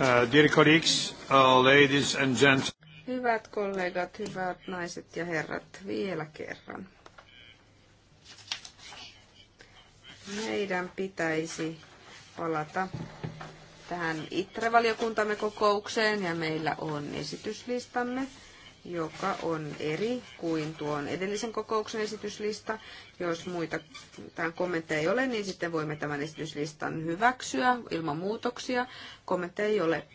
Uh, dear colleagues, uh, ladies and gentlemen. Hyvät kollegat, hyvät naiset ja herrat, vielä kerran. Meidän pitäisi palata tähän itrevaliokuntamme kokoukseen ja meillä on esityslistamme joka on eri kuin tuon edellisen kokouksen esityslista. Jos muita tämän kommentteja ei ole, niin sitten voimme tämän esityslistan hyväksyä ilman muutoksia. Kommentteja ei ole.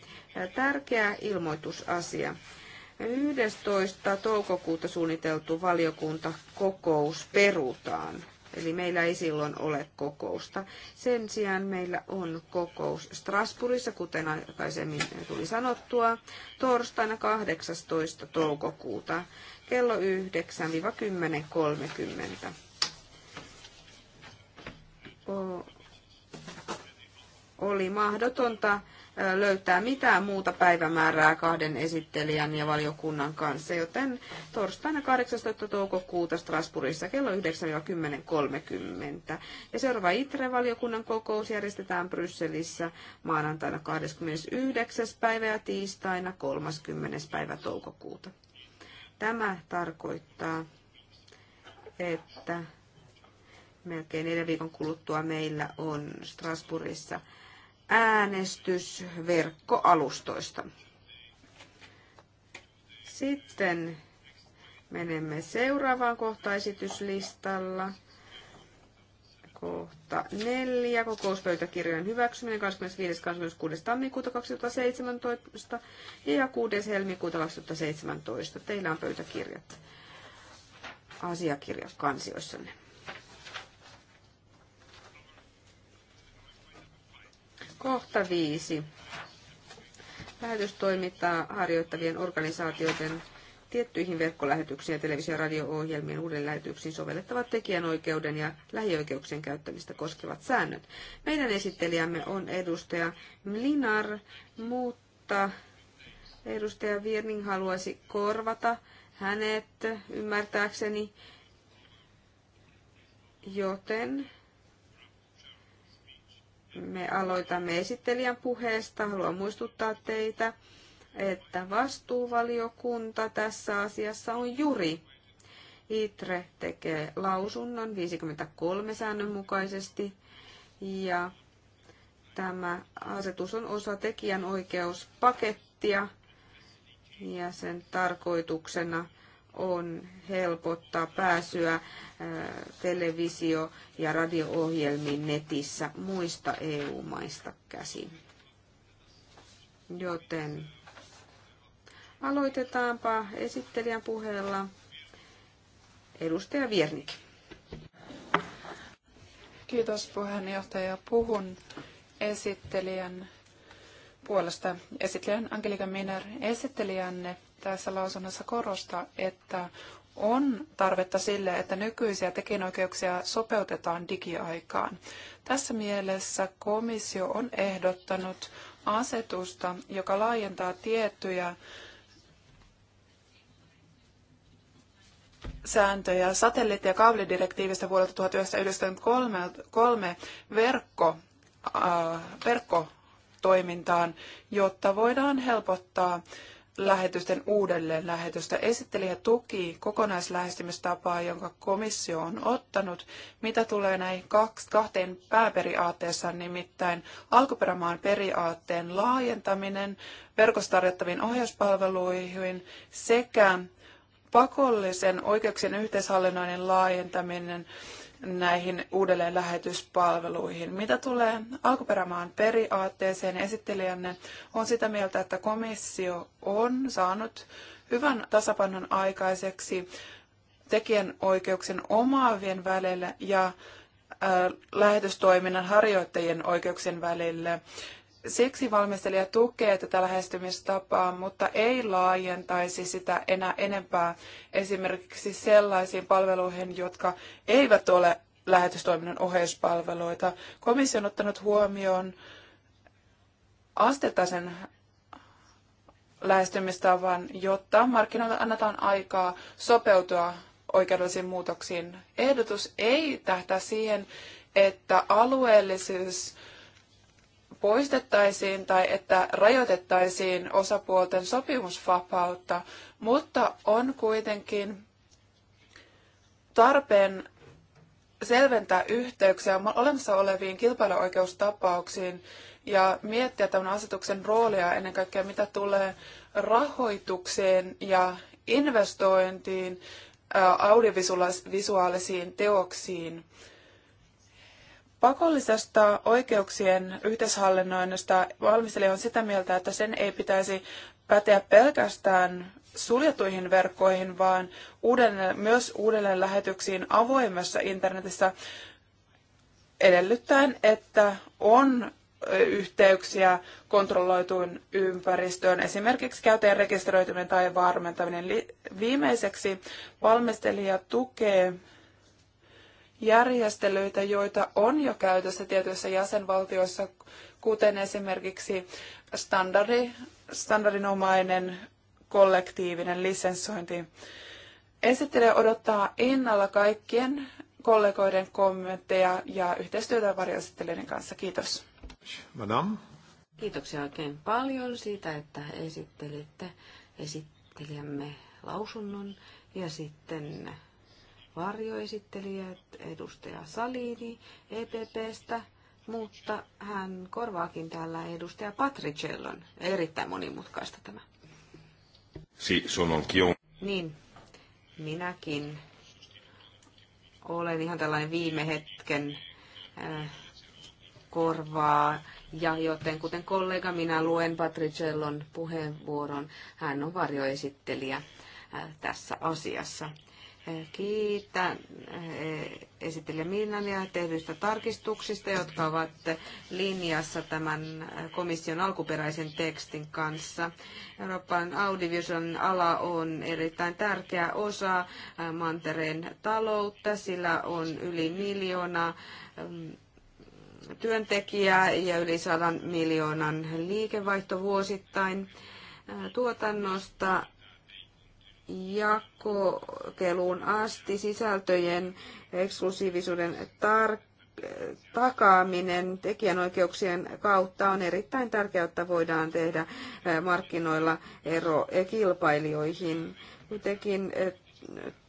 Tärkeä ilmoitusasia. 11. toukokuuta suunniteltu valiokuntakokous perutaan. Eli meillä ei silloin ole kokousta. Sen sijaan meillä on kokous Strasbourgissa, kuten aikaisemmin tuli sanottua, torstaina 18. toukokuuta kello 9-10.30. Oli mahdotonta löytää mitään muuta päivämäärää kahden esittelijän ja valiokunnan kanssa, joten torstaina 18. toukokuuta Strasbourgissa kello 9.10.30. Ja seuraava ITRE-valiokunnan kokous järjestetään Brysselissä maanantaina 29. päivä ja tiistaina 30. päivä toukokuuta. Tämä tarkoittaa, että melkein neljän viikon kuluttua meillä on Strasbourgissa äänestysverkkoalustoista. Sitten menemme seuraavaan kohtaesityslistalla. Kohta 4. Kokouspöytäkirjojen hyväksyminen 25. 26. tammikuuta 2017 ja 6. helmikuuta 2017. Teillä on pöytäkirjat asiakirjat kansioissanne. Kohta viisi. toimittaa harjoittavien organisaatioiden tiettyihin verkkolähetyksiin ja televisio- ja radio-ohjelmien uudelleenlähetyksiin sovellettavat tekijänoikeuden ja lähioikeuksien käyttämistä koskevat säännöt. Meidän esittelijämme on edustaja Linar mutta edustaja Virning haluaisi korvata hänet ymmärtääkseni, joten me aloitamme esittelijän puheesta. Haluan muistuttaa teitä, että vastuuvaliokunta tässä asiassa on juri. ITRE tekee lausunnon 53 säännön mukaisesti ja tämä asetus on osa tekijänoikeuspakettia ja sen tarkoituksena on helpottaa pääsyä äh, televisio- ja radio-ohjelmiin netissä muista EU-maista käsin. Joten aloitetaanpa esittelijän puheella. Edustaja Viernik. Kiitos puheenjohtaja. Puhun esittelijän puolesta. Esittelijän Angelika Miner, esittelijänne tässä lausunnossa korostaa, että on tarvetta sille, että nykyisiä tekijänoikeuksia sopeutetaan digiaikaan. Tässä mielessä komissio on ehdottanut asetusta, joka laajentaa tiettyjä sääntöjä satelliitti- ja kaapelidirektiivistä vuodelta 1993 verkko, äh, verkkotoimintaan, jotta voidaan helpottaa lähetysten uudelleen lähetystä. Esittelijä tuki kokonaislähestymistapaa, jonka komissio on ottanut, mitä tulee näihin kahteen pääperiaatteeseen, nimittäin alkuperämaan periaatteen laajentaminen verkostarjottaviin ohjauspalveluihin sekä pakollisen oikeuksien yhteishallinnoinnin laajentaminen näihin uudelleen lähetyspalveluihin. Mitä tulee alkuperämaan periaatteeseen, esittelijänne on sitä mieltä, että komissio on saanut hyvän tasapainon aikaiseksi tekijänoikeuksien omaavien välillä ja lähetystoiminnan harjoittajien oikeuksien välille. Siksi valmistelija tukee tätä lähestymistapaa, mutta ei laajentaisi sitä enää enempää esimerkiksi sellaisiin palveluihin, jotka eivät ole lähetystoiminnan oheispalveluita. Komissio on ottanut huomioon astetaisen lähestymistavan, jotta markkinoille annetaan aikaa sopeutua oikeudellisiin muutoksiin. Ehdotus ei tähtää siihen, että alueellisuus poistettaisiin tai että rajoitettaisiin osapuolten sopimusvapautta, mutta on kuitenkin tarpeen selventää yhteyksiä olemassa oleviin kilpailuoikeustapauksiin ja miettiä tämän asetuksen roolia ennen kaikkea, mitä tulee rahoitukseen ja investointiin audiovisuaalisiin teoksiin. Pakollisesta oikeuksien yhteishallinnoinnista valmistelija on sitä mieltä, että sen ei pitäisi päteä pelkästään suljetuihin verkkoihin, vaan uudelleen, myös uudelleen lähetyksiin avoimessa internetissä edellyttäen, että on yhteyksiä kontrolloituun ympäristöön, esimerkiksi käyttäjän rekisteröityminen tai varmentaminen. Viimeiseksi valmistelija tukee järjestelyitä, joita on jo käytössä tietyissä jäsenvaltioissa, kuten esimerkiksi standardi, standardinomainen kollektiivinen lisenssointi. Esittelijä odottaa innalla kaikkien kollegoiden kommentteja ja yhteistyötä varjoesittelijöiden kanssa. Kiitos. Madame. Kiitoksia oikein paljon siitä, että esittelitte esittelijämme lausunnon ja sitten varjoesittelijä edustaja Salini EPPstä, mutta hän korvaakin täällä edustaja Patricellon. Erittäin monimutkaista tämä. Si, sun on kiun. Niin, minäkin olen ihan tällainen viime hetken äh, korvaa. Ja joten kuten kollega, minä luen Patricellon puheenvuoron. Hän on varjoesittelijä äh, tässä asiassa. Kiitän eh, esittelijä Minnania tehdyistä tarkistuksista, jotka ovat linjassa tämän komission alkuperäisen tekstin kanssa. Euroopan audiovisuaalinen ala on erittäin tärkeä osa eh, mantereen taloutta. Sillä on yli miljoona mm, työntekijää ja yli sadan miljoonan liikevaihto vuosittain. Eh, tuotannosta jakokeluun asti sisältöjen eksklusiivisuuden tar- takaaminen tekijänoikeuksien kautta on erittäin tärkeää, että voidaan tehdä markkinoilla ero kilpailijoihin. Kuitenkin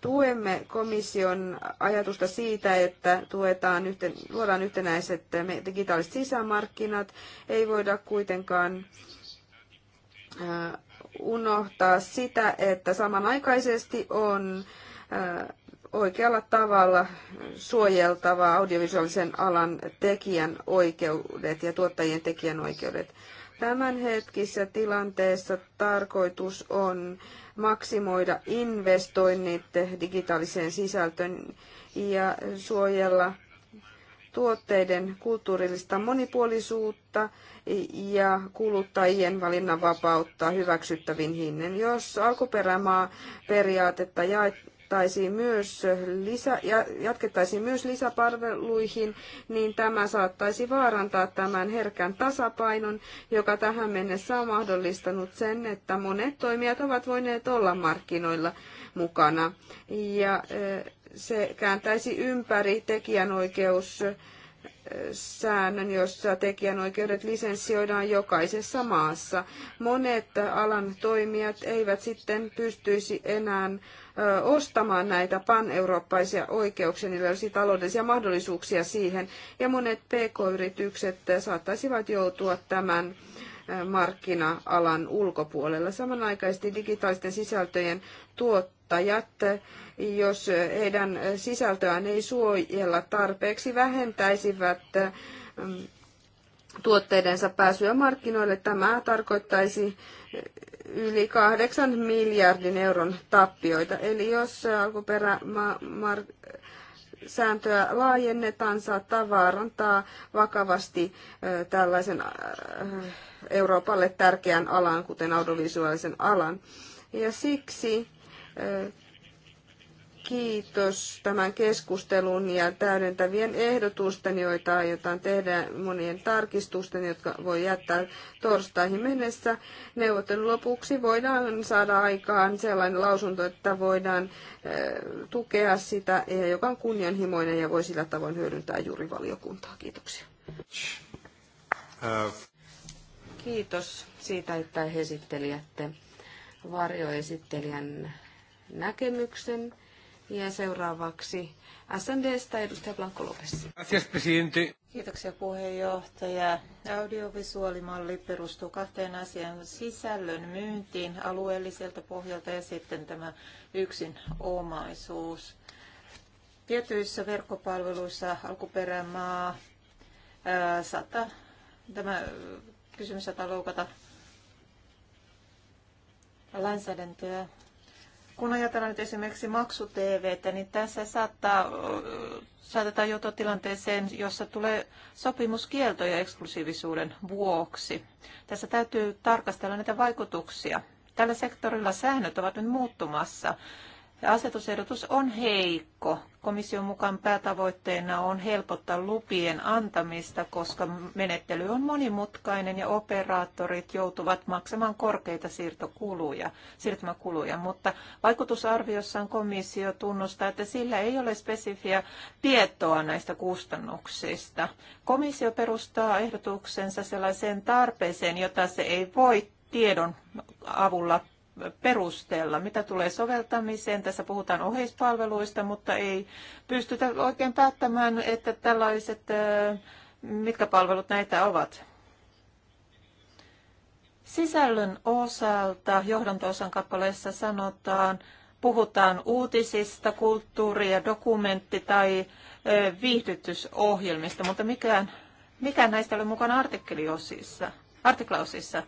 tuemme komission ajatusta siitä, että tuetaan yhten, luodaan yhtenäiset digitaaliset sisämarkkinat. Ei voida kuitenkaan unohtaa sitä, että samanaikaisesti on äh, oikealla tavalla suojeltava audiovisuaalisen alan tekijän oikeudet ja tuottajien tekijän oikeudet. Tämänhetkisessä tilanteessa tarkoitus on maksimoida investoinnit digitaaliseen sisältöön ja suojella tuotteiden kulttuurillista monipuolisuutta ja kuluttajien valinnanvapautta hyväksyttävin hinnin. Jos alkuperämaa periaatetta jaettaisiin myös lisä, jatkettaisiin myös lisäpalveluihin, niin tämä saattaisi vaarantaa tämän herkän tasapainon, joka tähän mennessä on mahdollistanut sen, että monet toimijat ovat voineet olla markkinoilla mukana. Ja se kääntäisi ympäri tekijänoikeus säännön, jossa tekijänoikeudet lisenssioidaan jokaisessa maassa. Monet alan toimijat eivät sitten pystyisi enää ostamaan näitä pan-eurooppaisia oikeuksia, niillä olisi taloudellisia mahdollisuuksia siihen, ja monet pk-yritykset saattaisivat joutua tämän markkina-alan ulkopuolella. Samanaikaisesti digitaalisten sisältöjen tuottajat, jos heidän sisältöään ei suojella tarpeeksi, vähentäisivät mm, tuotteidensa pääsyä markkinoille. Tämä tarkoittaisi yli 8 miljardin euron tappioita. Eli jos alkuperämaa sääntöä laajennetaan, saattaa vaarantaa vakavasti tällaisen Euroopalle tärkeän alan, kuten audiovisuaalisen alan. Ja siksi kiitos tämän keskustelun ja täydentävien ehdotusten, joita aiotaan tehdä monien tarkistusten, jotka voi jättää torstaihin mennessä. Neuvottelun lopuksi voidaan saada aikaan sellainen lausunto, että voidaan tukea sitä, joka on kunnianhimoinen ja voi sillä tavoin hyödyntää juuri valiokuntaa. Kiitoksia. Uh, Kiitos siitä, että esittelijätte varjoesittelijän näkemyksen. Ja seuraavaksi SNDstä edustaja Blanco Lopes. Kiitoksia puheenjohtaja. Audiovisuaalimalli perustuu kahteen asian Sisällön myyntiin alueelliselta pohjalta ja sitten tämä yksin omaisuus. Tietyissä verkkopalveluissa alkuperämaa 100, tämä kysymys, jota loukata lainsäädäntöä. Kun ajatellaan nyt esimerkiksi maksu niin tässä saattaa, saatetaan joutua tilanteeseen, jossa tulee sopimuskieltoja eksklusiivisuuden vuoksi. Tässä täytyy tarkastella näitä vaikutuksia. Tällä sektorilla säännöt ovat nyt muuttumassa Asetusehdotus on heikko. Komission mukaan päätavoitteena on helpottaa lupien antamista, koska menettely on monimutkainen ja operaattorit joutuvat maksamaan korkeita siirtokuluja, siirtymäkuluja. Mutta vaikutusarviossaan komissio tunnustaa, että sillä ei ole spesifiä tietoa näistä kustannuksista. Komissio perustaa ehdotuksensa sellaiseen tarpeeseen, jota se ei voi tiedon avulla Perusteella, Mitä tulee soveltamiseen, tässä puhutaan oheispalveluista, mutta ei pystytä oikein päättämään, että tällaiset, mitkä palvelut näitä ovat. Sisällön osalta johdantoosan kappaleessa sanotaan, puhutaan uutisista, kulttuuri- ja dokumentti- tai viihdytysohjelmista, mutta mikään, mikään näistä ei ole mukana artikkeliosissa, artiklaosissa.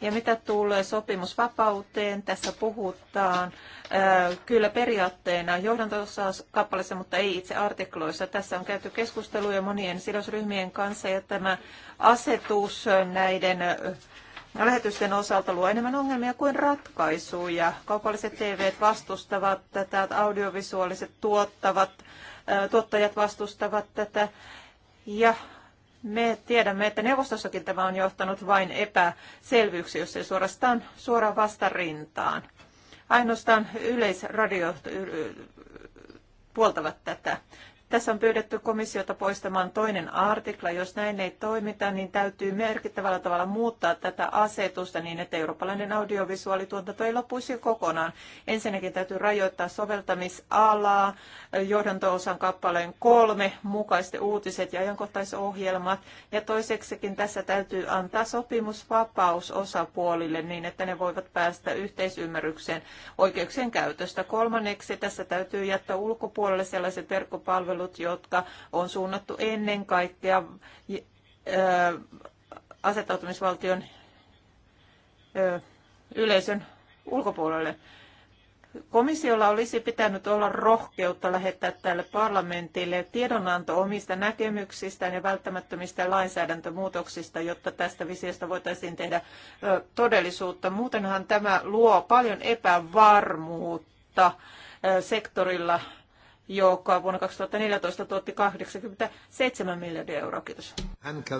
Ja mitä tulee sopimusvapauteen, tässä puhutaan äh, kyllä periaatteena johdantossa kappaleessa, mutta ei itse artikloissa. Tässä on käyty keskusteluja monien sidosryhmien kanssa ja tämä asetus näiden äh, lähetysten osalta luo enemmän ongelmia kuin ratkaisuja. Kaupalliset TV vastustavat tätä, audiovisuaaliset tuottavat, äh, tuottajat vastustavat tätä ja me tiedämme, että neuvostossakin tämä on johtanut vain epäselvyyksiin, jos ei suorastaan suoraan vastarintaan. Ainoastaan yleisradio puoltavat tätä. Tässä on pyydetty komissiota poistamaan toinen artikla. Jos näin ei toimita, niin täytyy merkittävällä tavalla muuttaa tätä asetusta niin, että eurooppalainen audiovisuaalituotanto ei lopuisi kokonaan. Ensinnäkin täytyy rajoittaa soveltamisalaa, johdanto-osan kappaleen kolme mukaiset uutiset ja ajankohtaisohjelmat. Ja toiseksikin tässä täytyy antaa sopimusvapaus osapuolille niin, että ne voivat päästä yhteisymmärrykseen oikeuksien käytöstä. Kolmanneksi tässä täytyy jättää ulkopuolelle sellaiset verkkopalvelut, palvelut, jotka on suunnattu ennen kaikkea asettautumisvaltion yleisön ulkopuolelle. Komissiolla olisi pitänyt olla rohkeutta lähettää tälle parlamentille tiedonanto omista näkemyksistään ja välttämättömistä lainsäädäntömuutoksista, jotta tästä visiosta voitaisiin tehdä todellisuutta. Muutenhan tämä luo paljon epävarmuutta sektorilla, joukkoa vuonna 2014 tuotti 87 miljardia euroa. Kiitos.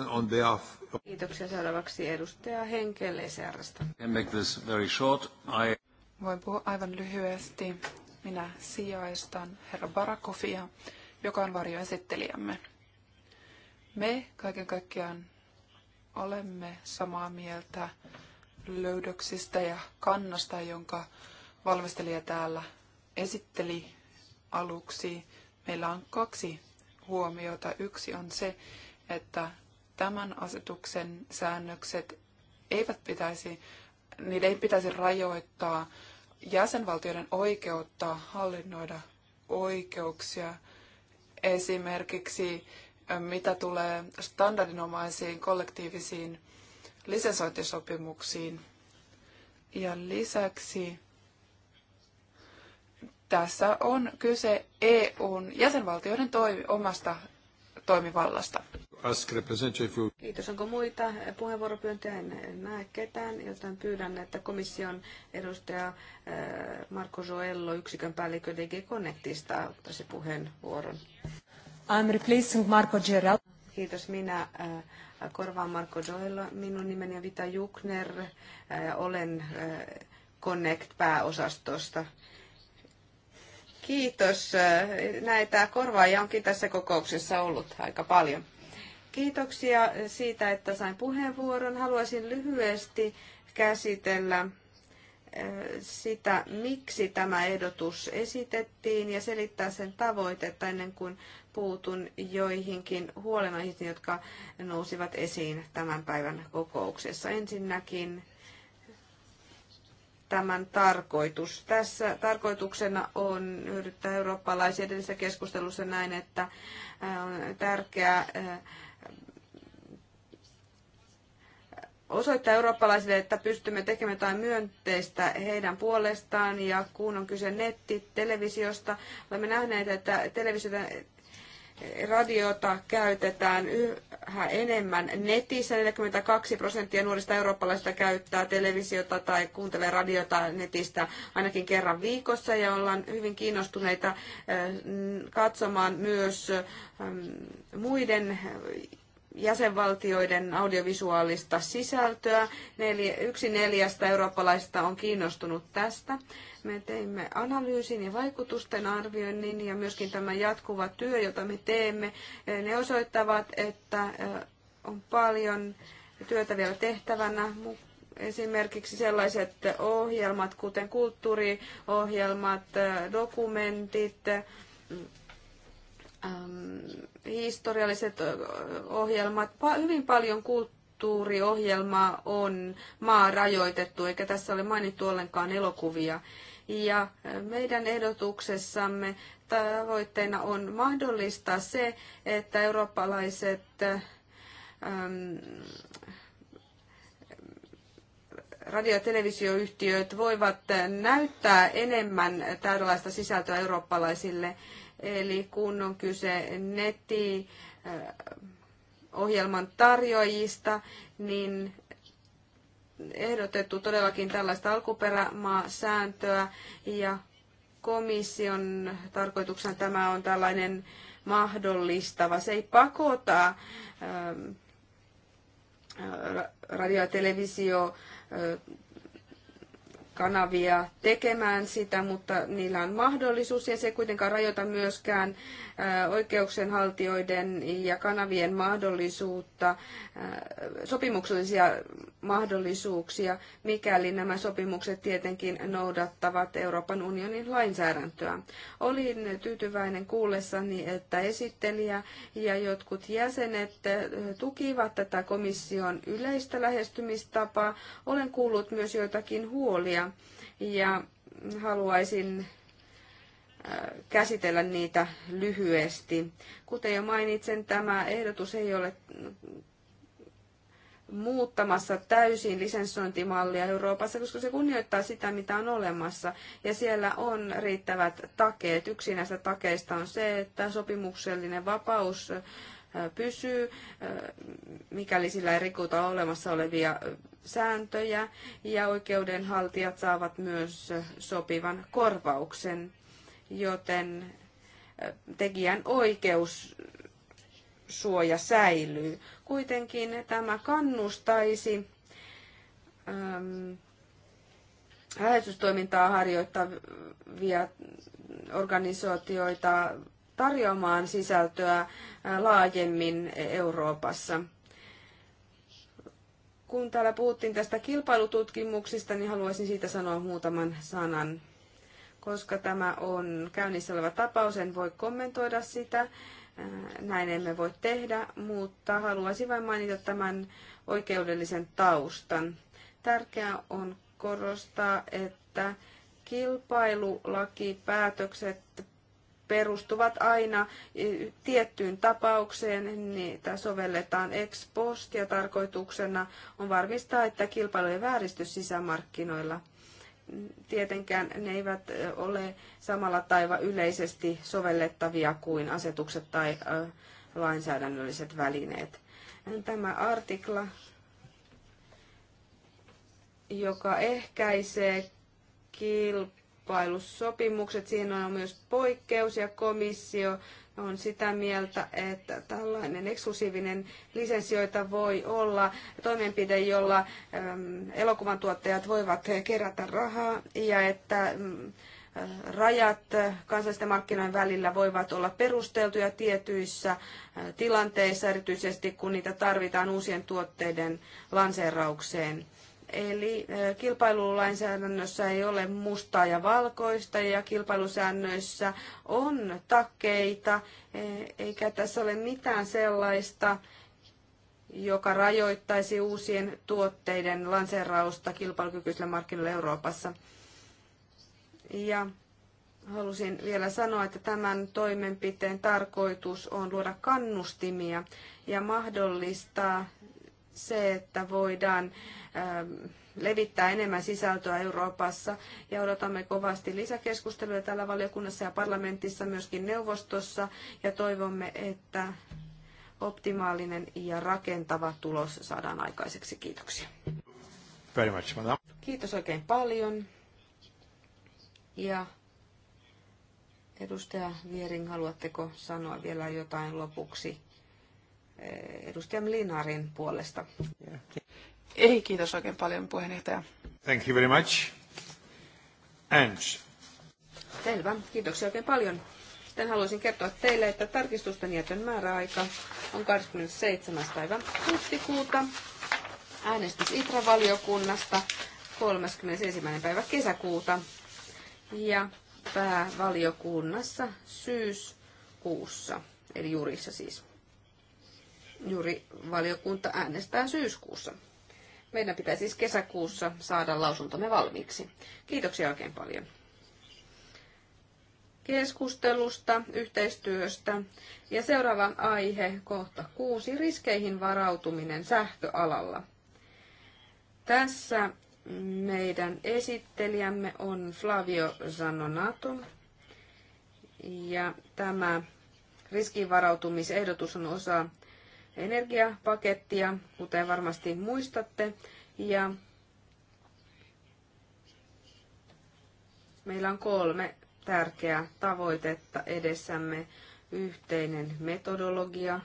on behalf. Kiitoksia seuraavaksi edustaja Henkel ECRstä. I... Voin puhua aivan lyhyesti. Minä sijaistan herra Barakofia, joka on varjoesittelijämme. Me kaiken kaikkiaan olemme samaa mieltä löydöksistä ja kannasta, jonka valmistelija täällä esitteli aluksi meillä on kaksi huomiota. Yksi on se, että tämän asetuksen säännökset eivät pitäisi, niiden ei pitäisi rajoittaa jäsenvaltioiden oikeutta hallinnoida oikeuksia. Esimerkiksi mitä tulee standardinomaisiin kollektiivisiin lisensointisopimuksiin. Ja lisäksi tässä on kyse EUn jäsenvaltioiden toimi, omasta toimivallasta. Kiitos. Onko muita puheenvuoropyyntöjä? En näe ketään, joten pyydän, että komission edustaja äh, Marko Joello, yksikön päällikkö DG Connectista, ottaisi puheenvuoron. I'm replacing Marco Gerald. Kiitos. Minä äh, korvaan Marko Joello. Minun nimeni on Vita Jukner. Äh, olen Connect-pääosastosta. Kiitos. Näitä korvaajia onkin tässä kokouksessa ollut aika paljon. Kiitoksia siitä, että sain puheenvuoron. Haluaisin lyhyesti käsitellä eh, sitä, miksi tämä ehdotus esitettiin ja selittää sen tavoitetta ennen kuin puutun joihinkin huolenaiheisiin, jotka nousivat esiin tämän päivän kokouksessa. Ensinnäkin tämän tarkoitus. Tässä tarkoituksena on yrittää eurooppalaisia edellisessä keskustelussa näin, että äh, on tärkeää äh, osoittaa eurooppalaisille, että pystymme tekemään jotain myönteistä heidän puolestaan. Ja kun on kyse netti, televisiosta, olemme nähneet, että televisiota Radiota käytetään yhä enemmän netissä. 42 prosenttia nuorista eurooppalaisista käyttää televisiota tai kuuntelee radiota netistä ainakin kerran viikossa ja ollaan hyvin kiinnostuneita eh, katsomaan myös ehm, muiden jäsenvaltioiden audiovisuaalista sisältöä. Neljä, yksi neljästä eurooppalaisista on kiinnostunut tästä. Me teimme analyysin ja vaikutusten arvioinnin ja myöskin tämä jatkuva työ, jota me teemme, eh, ne osoittavat, että eh, on paljon työtä vielä tehtävänä, esimerkiksi sellaiset ohjelmat, kuten kulttuuriohjelmat, eh, dokumentit, historialliset ohjelmat. Hyvin paljon kulttuuriohjelmaa on maa rajoitettu, eikä tässä ole mainittu ollenkaan elokuvia. Ja meidän ehdotuksessamme tavoitteena on mahdollistaa se, että eurooppalaiset ähm, radio- ja televisioyhtiöt voivat näyttää enemmän tällaista sisältöä eurooppalaisille. Eli kun on kyse netti ohjelman tarjoajista, niin ehdotettu todellakin tällaista alkuperämaasääntöä ja komission tarkoituksena tämä on tällainen mahdollistava. Se ei pakota ähm, äh, radio- ja televisio äh, kanavia tekemään sitä, mutta niillä on mahdollisuus ja se ei kuitenkaan rajoita myöskään oikeuksenhaltijoiden ja kanavien mahdollisuutta, sopimuksellisia mahdollisuuksia, mikäli nämä sopimukset tietenkin noudattavat Euroopan unionin lainsäädäntöä. Olin tyytyväinen kuullessani, että esittelijä ja jotkut jäsenet tukivat tätä komission yleistä lähestymistapaa. Olen kuullut myös joitakin huolia ja haluaisin äh, käsitellä niitä lyhyesti. Kuten jo mainitsen, tämä ehdotus ei ole muuttamassa täysin lisensointimallia Euroopassa, koska se kunnioittaa sitä, mitä on olemassa. Ja siellä on riittävät takeet. Yksi näistä takeista on se, että sopimuksellinen vapaus pysyy, mikäli sillä ei rikuta olemassa olevia sääntöjä, ja oikeudenhaltijat saavat myös sopivan korvauksen, joten tekijän oikeus suoja säilyy. Kuitenkin tämä kannustaisi lähetystoimintaa harjoittavia organisaatioita tarjoamaan sisältöä laajemmin Euroopassa. Kun täällä puhuttiin tästä kilpailututkimuksista, niin haluaisin siitä sanoa muutaman sanan. Koska tämä on käynnissä oleva tapaus, en voi kommentoida sitä. Näin emme voi tehdä, mutta haluaisin vain mainita tämän oikeudellisen taustan. Tärkeää on korostaa, että kilpailulakipäätökset perustuvat aina e, tiettyyn tapaukseen, niitä sovelletaan ex post ja tarkoituksena on varmistaa, että kilpailu ei vääristy sisämarkkinoilla. Tietenkään ne eivät e, ole samalla taiva yleisesti sovellettavia kuin asetukset tai e, lainsäädännölliset välineet. Tämä artikla, joka ehkäisee kilpailua, kilpailussopimukset. Siinä on myös poikkeus ja komissio on sitä mieltä, että tällainen eksklusiivinen lisensioita voi olla toimenpide, jolla elokuvan tuottajat voivat kerätä rahaa ja että rajat kansallisten markkinoiden välillä voivat olla perusteltuja tietyissä tilanteissa, erityisesti kun niitä tarvitaan uusien tuotteiden lanseeraukseen. Eli kilpailulainsäädännössä ei ole mustaa ja valkoista ja kilpailusäännöissä on takkeita, e, eikä tässä ole mitään sellaista, joka rajoittaisi uusien tuotteiden lanseerausta kilpailukykyisillä markkinoilla Euroopassa. Ja halusin vielä sanoa, että tämän toimenpiteen tarkoitus on luoda kannustimia ja mahdollistaa se, että voidaan ähm, levittää enemmän sisältöä Euroopassa ja odotamme kovasti lisäkeskusteluja täällä valiokunnassa ja parlamentissa, myöskin neuvostossa ja toivomme, että optimaalinen ja rakentava tulos saadaan aikaiseksi. Kiitoksia. Very much, madam. Kiitos oikein paljon. Ja edustaja Viering, haluatteko sanoa vielä jotain lopuksi? Eh, edustaja Linarin puolesta. Ei, kiitos oikein paljon puheenjohtaja. Thank you very much. And... Selvä, kiitoksia oikein paljon. Sitten haluaisin kertoa teille, että tarkistusten jätön määräaika on 27. päivä huhtikuuta. Äänestys ITRA-valiokunnasta 31. päivä kesäkuuta ja päävaliokunnassa syyskuussa, eli jurissa siis juuri valiokunta äänestää syyskuussa. Meidän pitää siis kesäkuussa saada lausuntomme valmiiksi. Kiitoksia oikein paljon keskustelusta, yhteistyöstä. Ja seuraava aihe, kohta kuusi, riskeihin varautuminen sähköalalla. Tässä meidän esittelijämme on Flavio Zanonato. Ja tämä riskivarautumisehdotus on osa energiapakettia, kuten varmasti muistatte. Ja meillä on kolme tärkeää tavoitetta edessämme. Yhteinen metodologia,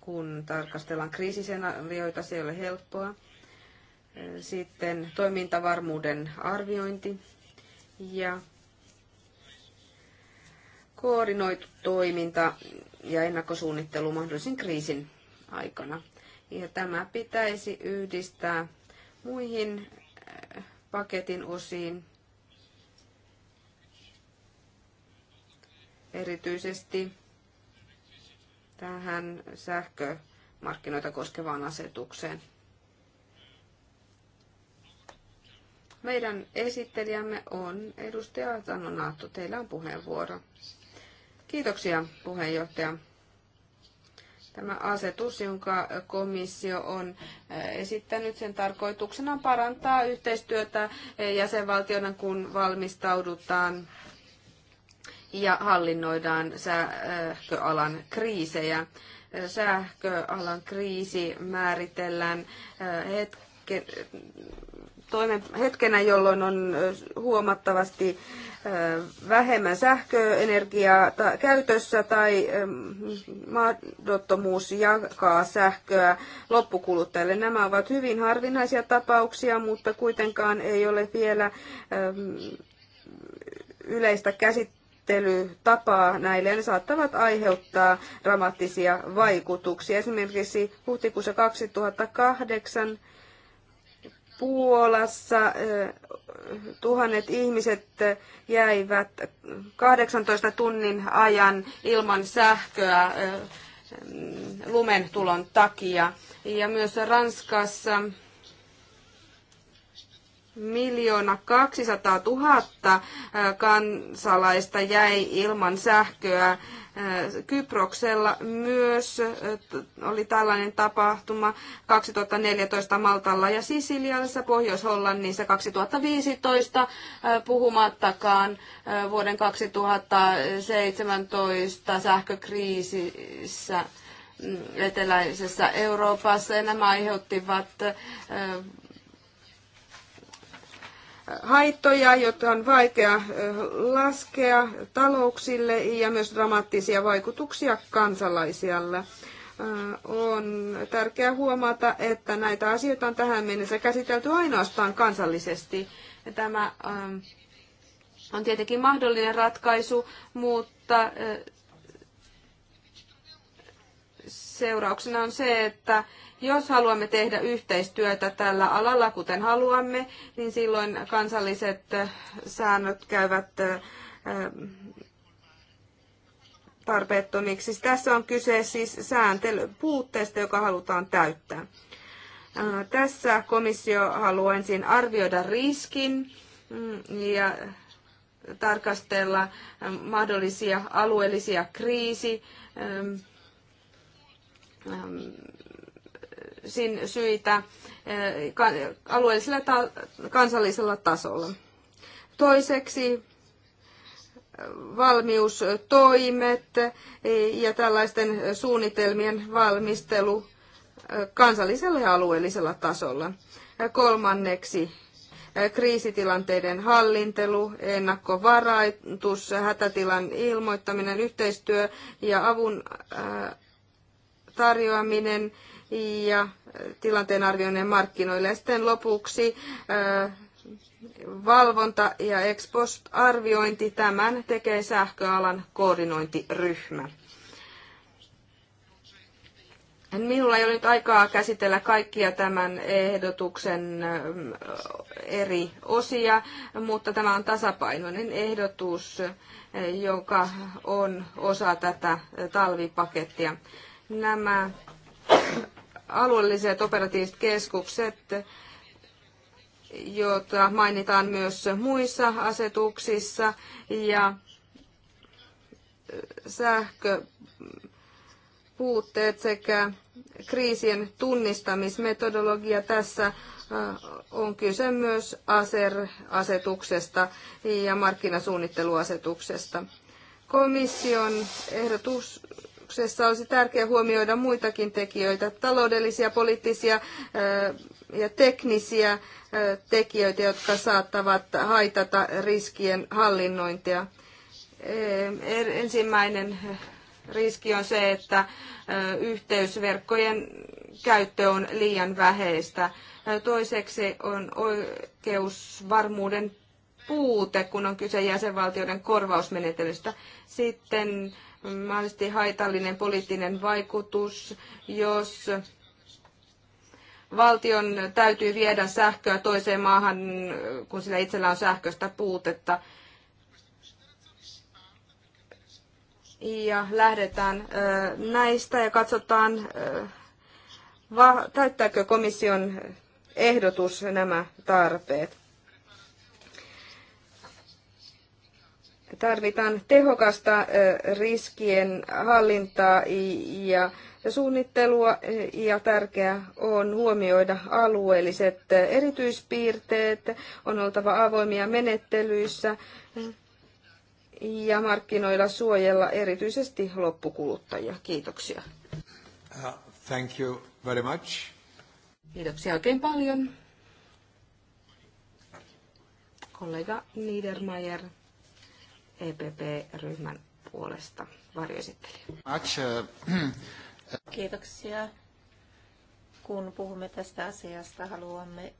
kun tarkastellaan kriisisenarioita, se ei ole helppoa. Sitten toimintavarmuuden arviointi ja koordinoitu toiminta ja ennakkosuunnittelu mahdollisen kriisin aikana. Ja tämä pitäisi yhdistää muihin äh, paketin osiin, erityisesti tähän sähkömarkkinoita koskevaan asetukseen. Meidän esittelijämme on edustaja Tanonaatto. Teillä on puheenvuoro. Kiitoksia puheenjohtaja. Tämä asetus, jonka komissio on eh, esittänyt, sen tarkoituksena on parantaa yhteistyötä eh, jäsenvaltioiden, kun valmistaudutaan ja hallinnoidaan sähköalan kriisejä. Sähköalan kriisi määritellään eh, toimen, hetkenä, jolloin on huomattavasti vähemmän sähköenergiaa käytössä tai mahdottomuus jakaa sähköä loppukuluttajille Nämä ovat hyvin harvinaisia tapauksia, mutta kuitenkaan ei ole vielä yleistä käsittelytapaa näille ja ne saattavat aiheuttaa dramaattisia vaikutuksia. Esimerkiksi huhtikuussa 2008 Puolassa tuhannet ihmiset jäivät 18 tunnin ajan ilman sähköä lumen tulon takia. Ja myös Ranskassa miljoona 200 000 kansalaista jäi ilman sähköä Kyproksella myös oli tällainen tapahtuma 2014 Maltalla ja Sisiliassa, Pohjois-Hollannissa 2015, puhumattakaan vuoden 2017 sähkökriisissä mm, eteläisessä Euroopassa ja nämä aiheuttivat haittoja, joita on vaikea laskea talouksille ja myös dramaattisia vaikutuksia kansalaisille. On tärkeää huomata, että näitä asioita on tähän mennessä käsitelty ainoastaan kansallisesti. Tämä on tietenkin mahdollinen ratkaisu, mutta seurauksena on se, että jos haluamme tehdä yhteistyötä tällä alalla, kuten haluamme, niin silloin kansalliset eh, säännöt käyvät eh, eh, tarpeettomiksi. tässä on kyse siis sääntelypuutteesta, joka halutaan täyttää. Tässä komissio haluaa ensin arvioida riskin mm, ja tarkastella mahdollisia alueellisia kriisi sin syitä eh, alueellisella ta- kansallisella tasolla. Toiseksi eh, valmiustoimet eh, ja tällaisten suunnitelmien valmistelu kansallisella ja alueellisella tasolla. Kolmanneksi kriisitilanteiden hallintelu, ennakkovaraitus, hätätilan ilmoittaminen, yhteistyö ja avun tarjoaminen ja tilanteen arvioinnin markkinoille. Ja sitten lopuksi valvonta ja ex arviointi tämän tekee sähköalan koordinointiryhmä. Minulla ei ole nyt aikaa käsitellä kaikkia tämän ehdotuksen eri osia, mutta tämä on tasapainoinen ehdotus, joka on osa tätä talvipakettia. Nämä alueelliset operatiiviset keskukset, joita mainitaan myös muissa asetuksissa ja sähköpuutteet sekä kriisien tunnistamismetodologia tässä on kyse myös ASER-asetuksesta ja markkinasuunnitteluasetuksesta. Komission ehdotus uudistuksessa olisi tärkeää huomioida muitakin tekijöitä, taloudellisia, poliittisia ja teknisiä tekijöitä, jotka saattavat haitata riskien hallinnointia. E, er, ensimmäinen riski on se, että yhteysverkkojen käyttö on liian vähäistä. Toiseksi on oikeusvarmuuden puute, kun on kyse jäsenvaltioiden korvausmenetelystä. Sitten mahdollisesti haitallinen poliittinen vaikutus, jos valtion täytyy viedä sähköä toiseen maahan, kun sillä itsellä on sähköstä puutetta. Ja lähdetään näistä ja katsotaan, täyttääkö komission ehdotus nämä tarpeet. Tarvitaan tehokasta riskien hallintaa ja suunnittelua ja tärkeää on huomioida alueelliset erityispiirteet, on oltava avoimia menettelyissä ja markkinoilla suojella erityisesti loppukuluttajia. Kiitoksia. Uh, thank you very much. Kiitoksia oikein paljon. Kollega Niedermayer. EPP-ryhmän puolesta varjoesittelijä. Uh, Kiitoksia. Kun puhumme tästä asiasta, haluamme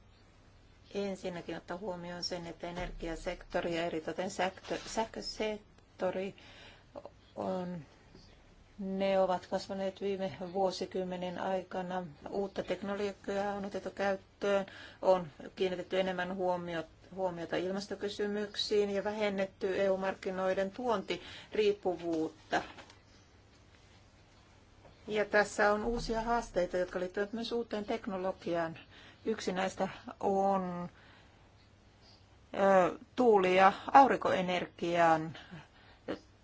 ensinnäkin ottaa huomioon sen, että energiasektori ja eritoten sähkösektori on ne ovat kasvaneet viime vuosikymmenen aikana. Uutta teknologiaa on otettu käyttöön, on kiinnitetty enemmän huomiota huomiota ilmastokysymyksiin ja vähennetty EU-markkinoiden tuontiriippuvuutta. Ja tässä on uusia haasteita, jotka liittyvät myös uuteen teknologiaan. Yksi näistä on tuuli- ja aurinkoenergian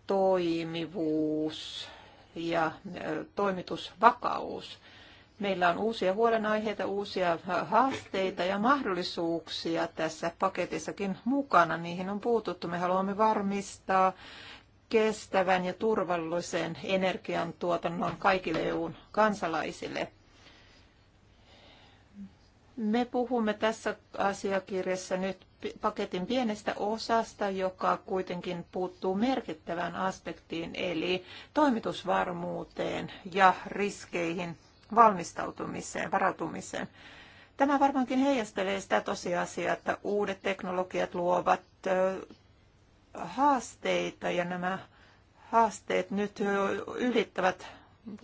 toimivuus ja toimitusvakaus. Meillä on uusia huolenaiheita, uusia äh, haasteita ja mahdollisuuksia tässä paketissakin mukana. Niihin on puututtu. Me haluamme varmistaa kestävän ja turvallisen energiantuotannon kaikille EUn kansalaisille. Me puhumme tässä asiakirjassa nyt paketin pienestä osasta, joka kuitenkin puuttuu merkittävään aspektiin, eli toimitusvarmuuteen ja riskeihin valmistautumiseen, varautumiseen. Tämä varmaankin heijastelee sitä tosiasiaa, että uudet teknologiat luovat haasteita ja nämä haasteet nyt ylittävät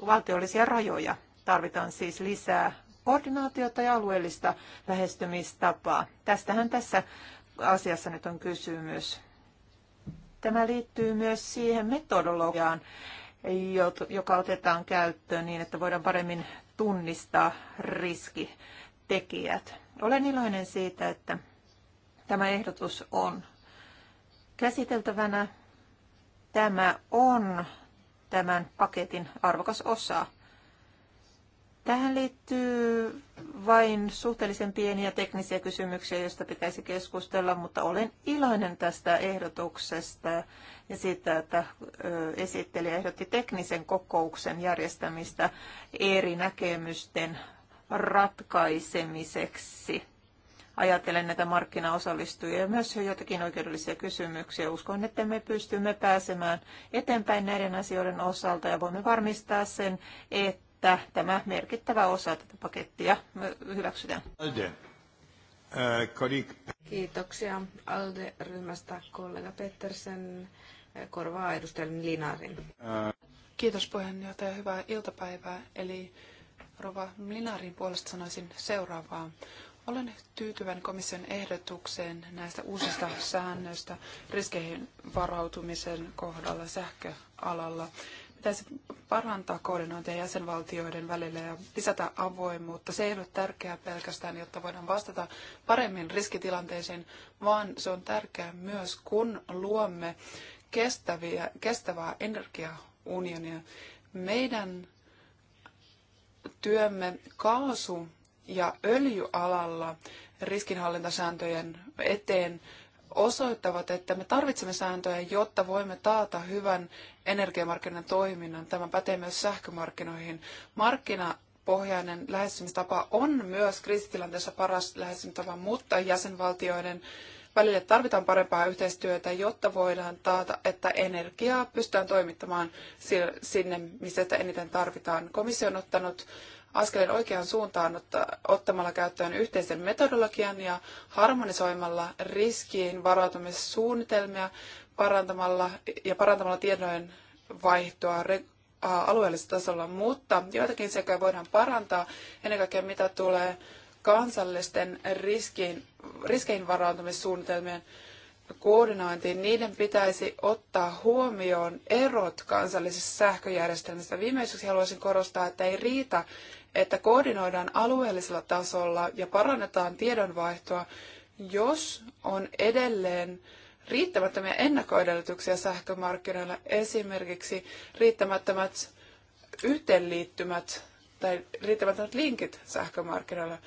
valtiollisia rajoja. Tarvitaan siis lisää koordinaatiota ja alueellista lähestymistapaa. Tästähän tässä asiassa nyt on kysymys. Tämä liittyy myös siihen metodologiaan, joka otetaan käyttöön niin, että voidaan paremmin tunnistaa riskitekijät. Olen iloinen siitä, että tämä ehdotus on käsiteltävänä. Tämä on tämän paketin arvokas osa. Tähän liittyy vain suhteellisen pieniä teknisiä kysymyksiä, joista pitäisi keskustella, mutta olen iloinen tästä ehdotuksesta ja siitä, että esittelijä ehdotti teknisen kokouksen järjestämistä eri näkemysten ratkaisemiseksi. Ajatellen näitä markkinaosallistujia ja myös jotakin oikeudellisia kysymyksiä. Uskon, että me pystymme pääsemään eteenpäin näiden asioiden osalta ja voimme varmistaa sen, että että tämä merkittävä osa tätä pakettia hyväksytään. Alde. Äh, Kiitoksia ALDE-ryhmästä kollega Pettersen äh, korvaa edustajan Linarin. Äh. Kiitos puheenjohtaja, hyvää iltapäivää. Eli Rova Linarin puolesta sanoisin seuraavaa. Olen tyytyväinen komission ehdotukseen näistä uusista säännöistä riskeihin varautumisen kohdalla sähköalalla pitäisi parantaa koordinointia jäsenvaltioiden välillä ja lisätä avoimuutta. Se ei ole tärkeää pelkästään, jotta voidaan vastata paremmin riskitilanteisiin, vaan se on tärkeää myös, kun luomme kestäviä, kestävää energiaunionia. Meidän työmme kaasu- ja öljyalalla riskinhallintasääntöjen eteen osoittavat, että me tarvitsemme sääntöjä, jotta voimme taata hyvän energiamarkkinan toiminnan. Tämä pätee myös sähkömarkkinoihin. Markkinapohjainen lähestymistapa on myös kriisitilanteessa paras lähestymistapa, mutta jäsenvaltioiden välille tarvitaan parempaa yhteistyötä, jotta voidaan taata, että energiaa pystytään toimittamaan sinne, missä sitä eniten tarvitaan. Komissio on ottanut askeleen oikeaan suuntaan ottamalla käyttöön yhteisen metodologian ja harmonisoimalla riskiin varautumissuunnitelmia parantamalla ja parantamalla tiedon vaihtoa alueellisella tasolla, mutta joitakin sekä voidaan parantaa ennen kaikkea mitä tulee kansallisten riskiin, riskeihin varautumissuunnitelmien koordinointiin, niiden pitäisi ottaa huomioon erot kansallisissa sähköjärjestelmissä. Viimeiseksi haluaisin korostaa, että ei riitä, että koordinoidaan alueellisella tasolla ja parannetaan tiedonvaihtoa, jos on edelleen riittämättömiä ennakkoedellytyksiä sähkömarkkinoilla, esimerkiksi riittämättömät yhteenliittymät tai riittämättömät linkit sähkömarkkinoilla.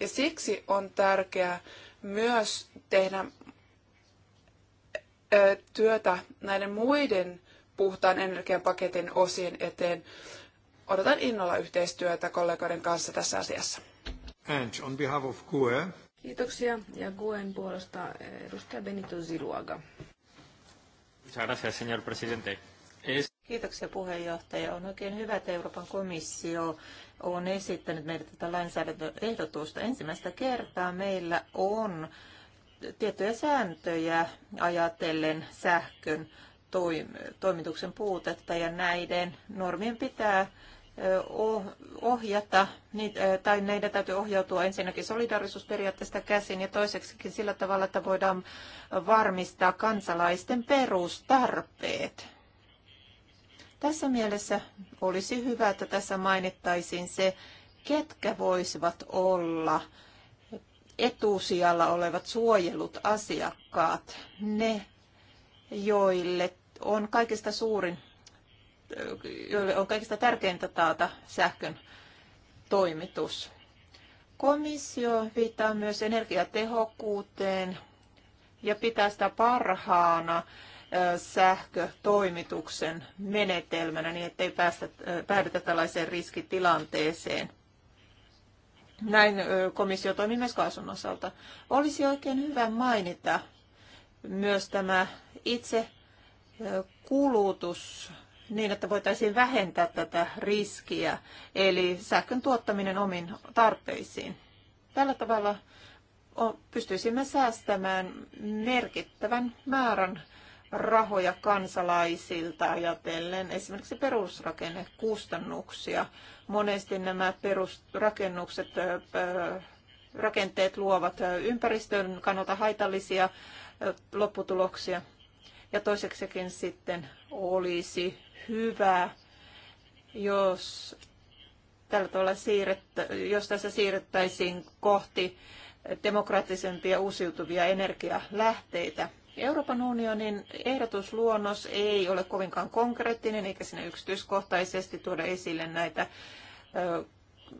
Ja siksi on tärkeää myös tehdä työtä näiden muiden puhtaan energian paketin osien eteen odotan innolla yhteistyötä kollegoiden kanssa tässä asiassa. on behalf of GUE. Kiitoksia. Ja GUEn puolesta edustaja Benito Ziluaga. Kiitoksia puheenjohtaja. On oikein hyvä, että Euroopan komissio on esittänyt meille tätä lainsäädäntöehdotusta. Ensimmäistä kertaa meillä on tiettyjä sääntöjä ajatellen sähkön toimituksen puutetta ja näiden normien pitää Oh-, ohjata, niin, tai meidän täytyy ohjautua ensinnäkin solidarisuusperiaatteesta käsin ja toiseksikin sillä tavalla, että voidaan varmistaa kansalaisten perustarpeet. Tässä mielessä olisi hyvä, että tässä mainittaisiin se, ketkä voisivat olla etusijalla olevat suojelut asiakkaat, ne, joille on kaikista suurin joille on kaikista tärkeintä taata sähkön toimitus. Komissio viittaa myös energiatehokkuuteen ja pitää sitä parhaana sähkötoimituksen menetelmänä niin, ettei päästä, päädytä tällaiseen riskitilanteeseen. Näin komissio toimii myös kaasun osalta. Olisi oikein hyvä mainita myös tämä itse kulutus niin, että voitaisiin vähentää tätä riskiä, eli sähkön tuottaminen omiin tarpeisiin. Tällä tavalla pystyisimme säästämään merkittävän määrän rahoja kansalaisilta ajatellen, esimerkiksi perusrakennekustannuksia. Monesti nämä perusrakennukset, rakenteet luovat ympäristön kannalta haitallisia lopputuloksia. Ja toiseksikin sitten olisi hyvä, jos tällä tavalla siirrettä, jos tässä siirrettäisiin kohti demokraattisempia uusiutuvia energialähteitä. Euroopan unionin ehdotusluonnos ei ole kovinkaan konkreettinen, eikä sinne yksityiskohtaisesti tuoda esille näitä ö,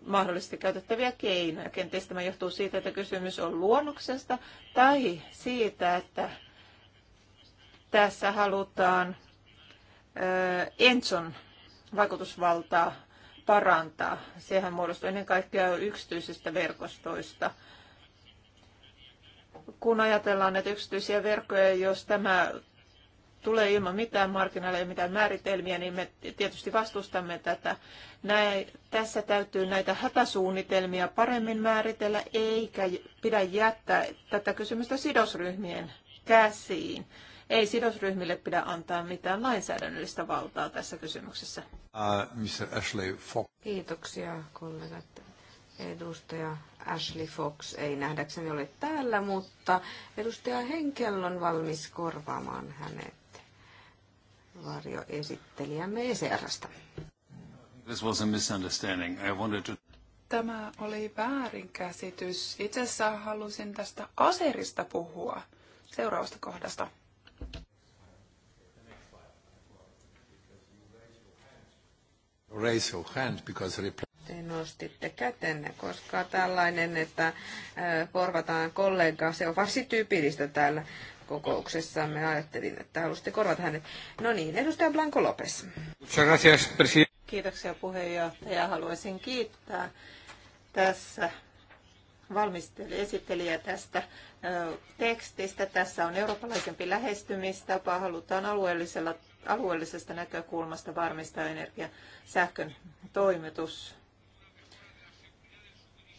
mahdollisesti käytettäviä keinoja. Kenties tämä johtuu siitä, että kysymys on luonnoksesta tai siitä, että tässä halutaan Enson vaikutusvaltaa parantaa. Sehän muodostuu ennen kaikkea yksityisistä verkostoista. Kun ajatellaan näitä yksityisiä verkkoja, jos tämä tulee ilman mitään markkinoille ja mitään määritelmiä, niin me tietysti vastustamme tätä. Näin, tässä täytyy näitä hätäsuunnitelmia paremmin määritellä, eikä pidä jättää tätä kysymystä sidosryhmien käsiin ei sidosryhmille pidä antaa mitään lainsäädännöllistä valtaa tässä kysymyksessä. Uh, Mr. Ashley Fox. Kiitoksia kollegat. Edustaja Ashley Fox ei nähdäkseni ole täällä, mutta edustaja Henkel on valmis korvaamaan hänet varjoesittelijämme ECRstä. This was a misunderstanding. I wanted to... Tämä oli väärinkäsitys. Itse asiassa halusin tästä aserista puhua seuraavasta kohdasta. Raise your hand because Te nostitte kätenne, koska tällainen, että äh, korvataan kollegaa, se on varsin tyypillistä täällä kokouksessa. Me ajattelin, että halusitte korvata hänet. No niin, edustaja Blanco Lopes. Kiitoksia puheenjohtaja. Haluaisin kiittää tässä valmisteli esittelijä tästä tekstistä. Tässä on eurooppalaisempi lähestymistapa. Halutaan alueellisella alueellisesta näkökulmasta varmistaa energian sähkön toimitus.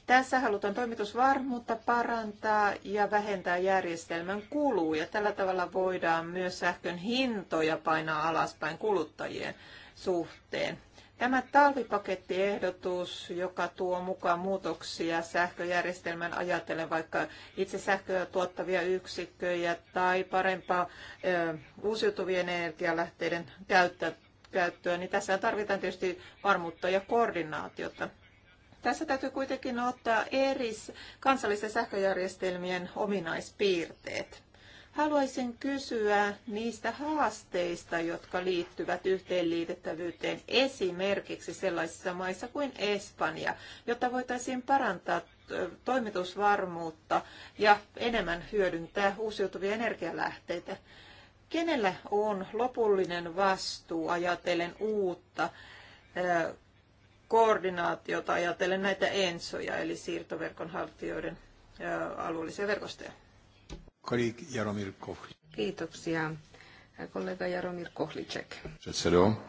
Tässä halutaan toimitusvarmuutta parantaa ja vähentää järjestelmän kuluja. Tällä tavalla voidaan myös sähkön hintoja painaa alaspäin kuluttajien suhteen. Tämä talvipakettiehdotus, joka tuo mukaan muutoksia sähköjärjestelmän ajatellen vaikka itse sähköä tuottavia yksikköjä tai parempaa ö, uusiutuvien energialähteiden käyttöä, käyttöä, niin tässä tarvitaan tietysti varmuutta ja koordinaatiota. Tässä täytyy kuitenkin ottaa eri kansallisten sähköjärjestelmien ominaispiirteet. Haluaisin kysyä niistä haasteista, jotka liittyvät yhteenliitettävyyteen esimerkiksi sellaisissa maissa kuin Espanja, jotta voitaisiin parantaa toimitusvarmuutta ja enemmän hyödyntää uusiutuvia energialähteitä. Kenellä on lopullinen vastuu ajatellen uutta koordinaatiota ajatellen näitä ensoja, eli siirtoverkon haltijoiden alueellisia verkostoja? Jaromir Kiitoksia, kollega Jaromir Kohlicek. Předsedo,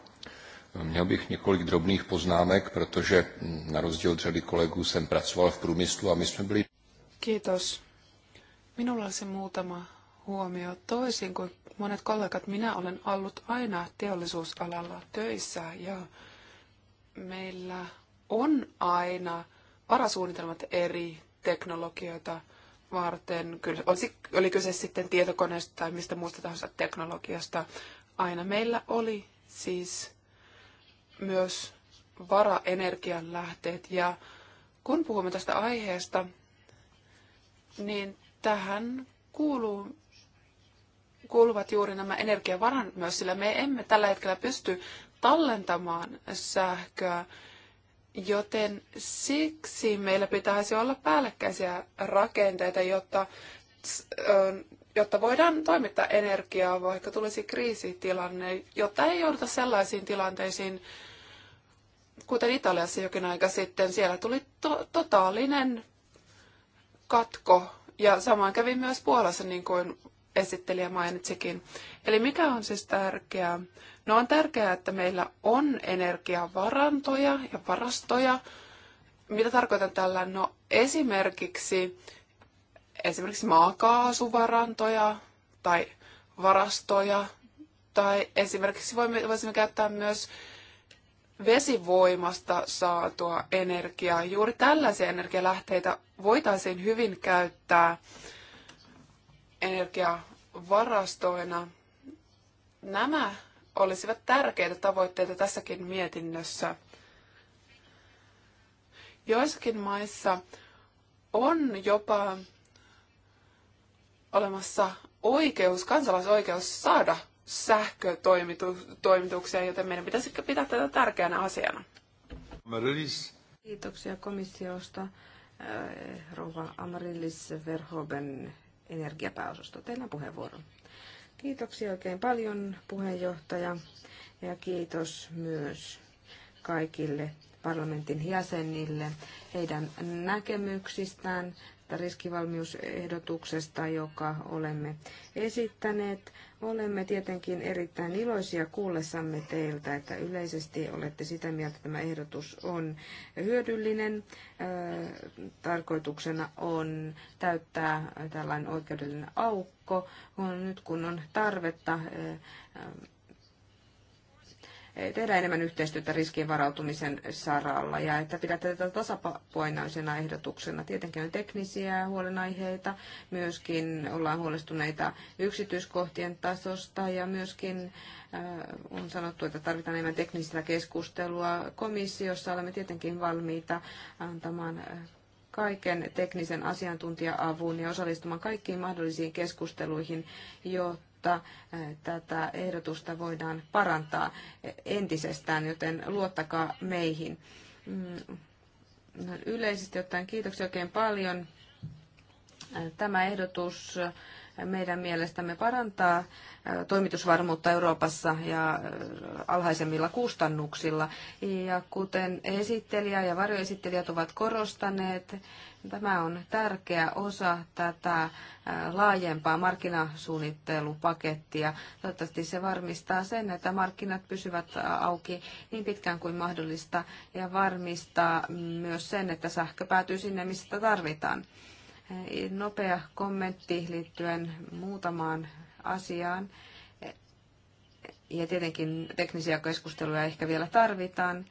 Měl bych několik drobných poznámek, protože hm, na rozdíl od řady kolegů jsem pracoval v průmyslu a my jsme byli... Kiitos. Minulla olisi muutama huomio. Toisin kuin monet kollegat, minä olen ollut aina teollisuusalalla töissä ja meillä on aina varasuunnitelmat eri teknologioita varten, kyllä oli kyse sitten tietokoneesta tai mistä muusta tahansa teknologiasta, aina meillä oli siis myös varaenergian lähteet. Ja kun puhumme tästä aiheesta, niin tähän kuuluu, kuuluvat juuri nämä energiavaran myös, sillä me emme tällä hetkellä pysty tallentamaan sähköä Joten siksi meillä pitäisi olla päällekkäisiä rakenteita, jotta, jotta voidaan toimittaa energiaa, vaikka tulisi kriisitilanne, jotta ei jouduta sellaisiin tilanteisiin, kuten Italiassa jokin aika sitten. Siellä tuli to- totaalinen katko ja samaan kävi myös Puolassa, niin kuin esittelijä mainitsikin. Eli mikä on siis tärkeää? No on tärkeää, että meillä on energiavarantoja ja varastoja. Mitä tarkoitan tällä? No esimerkiksi, esimerkiksi maakaasuvarantoja tai varastoja tai esimerkiksi voimme, voisimme käyttää myös vesivoimasta saatua energiaa. Juuri tällaisia energialähteitä voitaisiin hyvin käyttää energiavarastoina. Nämä olisivat tärkeitä tavoitteita tässäkin mietinnössä. Joissakin maissa on jopa olemassa oikeus, kansalaisoikeus saada sähkötoimituksia, joten meidän pitäisi pitää tätä tärkeänä asiana. Kiitoksia komissiosta. Rouva Amarillis Verhoben energiapääosasto. Teillä on puheenvuoro. Kiitoksia oikein paljon puheenjohtaja ja kiitos myös kaikille parlamentin jäsenille heidän näkemyksistään tästä riskivalmiusehdotuksesta, joka olemme esittäneet. Olemme tietenkin erittäin iloisia kuullessamme teiltä, että yleisesti olette sitä mieltä, että tämä ehdotus on hyödyllinen. Tarkoituksena on täyttää tällainen oikeudellinen aukko, kun nyt kun on tarvetta tehdä enemmän yhteistyötä riskien varautumisen saralla ja että pidätte tätä tasapainoisena ehdotuksena. Tietenkin on teknisiä huolenaiheita, myöskin ollaan huolestuneita yksityiskohtien tasosta ja myöskin äh, on sanottu, että tarvitaan enemmän teknistä keskustelua. Komissiossa olemme tietenkin valmiita antamaan äh, kaiken teknisen asiantuntija-avun ja osallistumaan kaikkiin mahdollisiin keskusteluihin, jotta jotta eh, tätä ehdotusta voidaan parantaa entisestään, joten luottakaa meihin. Mm, yleisesti ottaen kiitoksia oikein paljon. Tämä ehdotus meidän mielestämme parantaa toimitusvarmuutta Euroopassa ja alhaisemmilla kustannuksilla. Ja kuten esittelijä ja varjoesittelijät ovat korostaneet, tämä on tärkeä osa tätä laajempaa markkinasuunnittelupakettia. Toivottavasti se varmistaa sen, että markkinat pysyvät auki niin pitkään kuin mahdollista ja varmistaa myös sen, että sähkö päätyy sinne, missä sitä tarvitaan. Nopea kommentti liittyen muutamaan asiaan. Ja tietenkin teknisiä keskusteluja ehkä vielä tarvitaan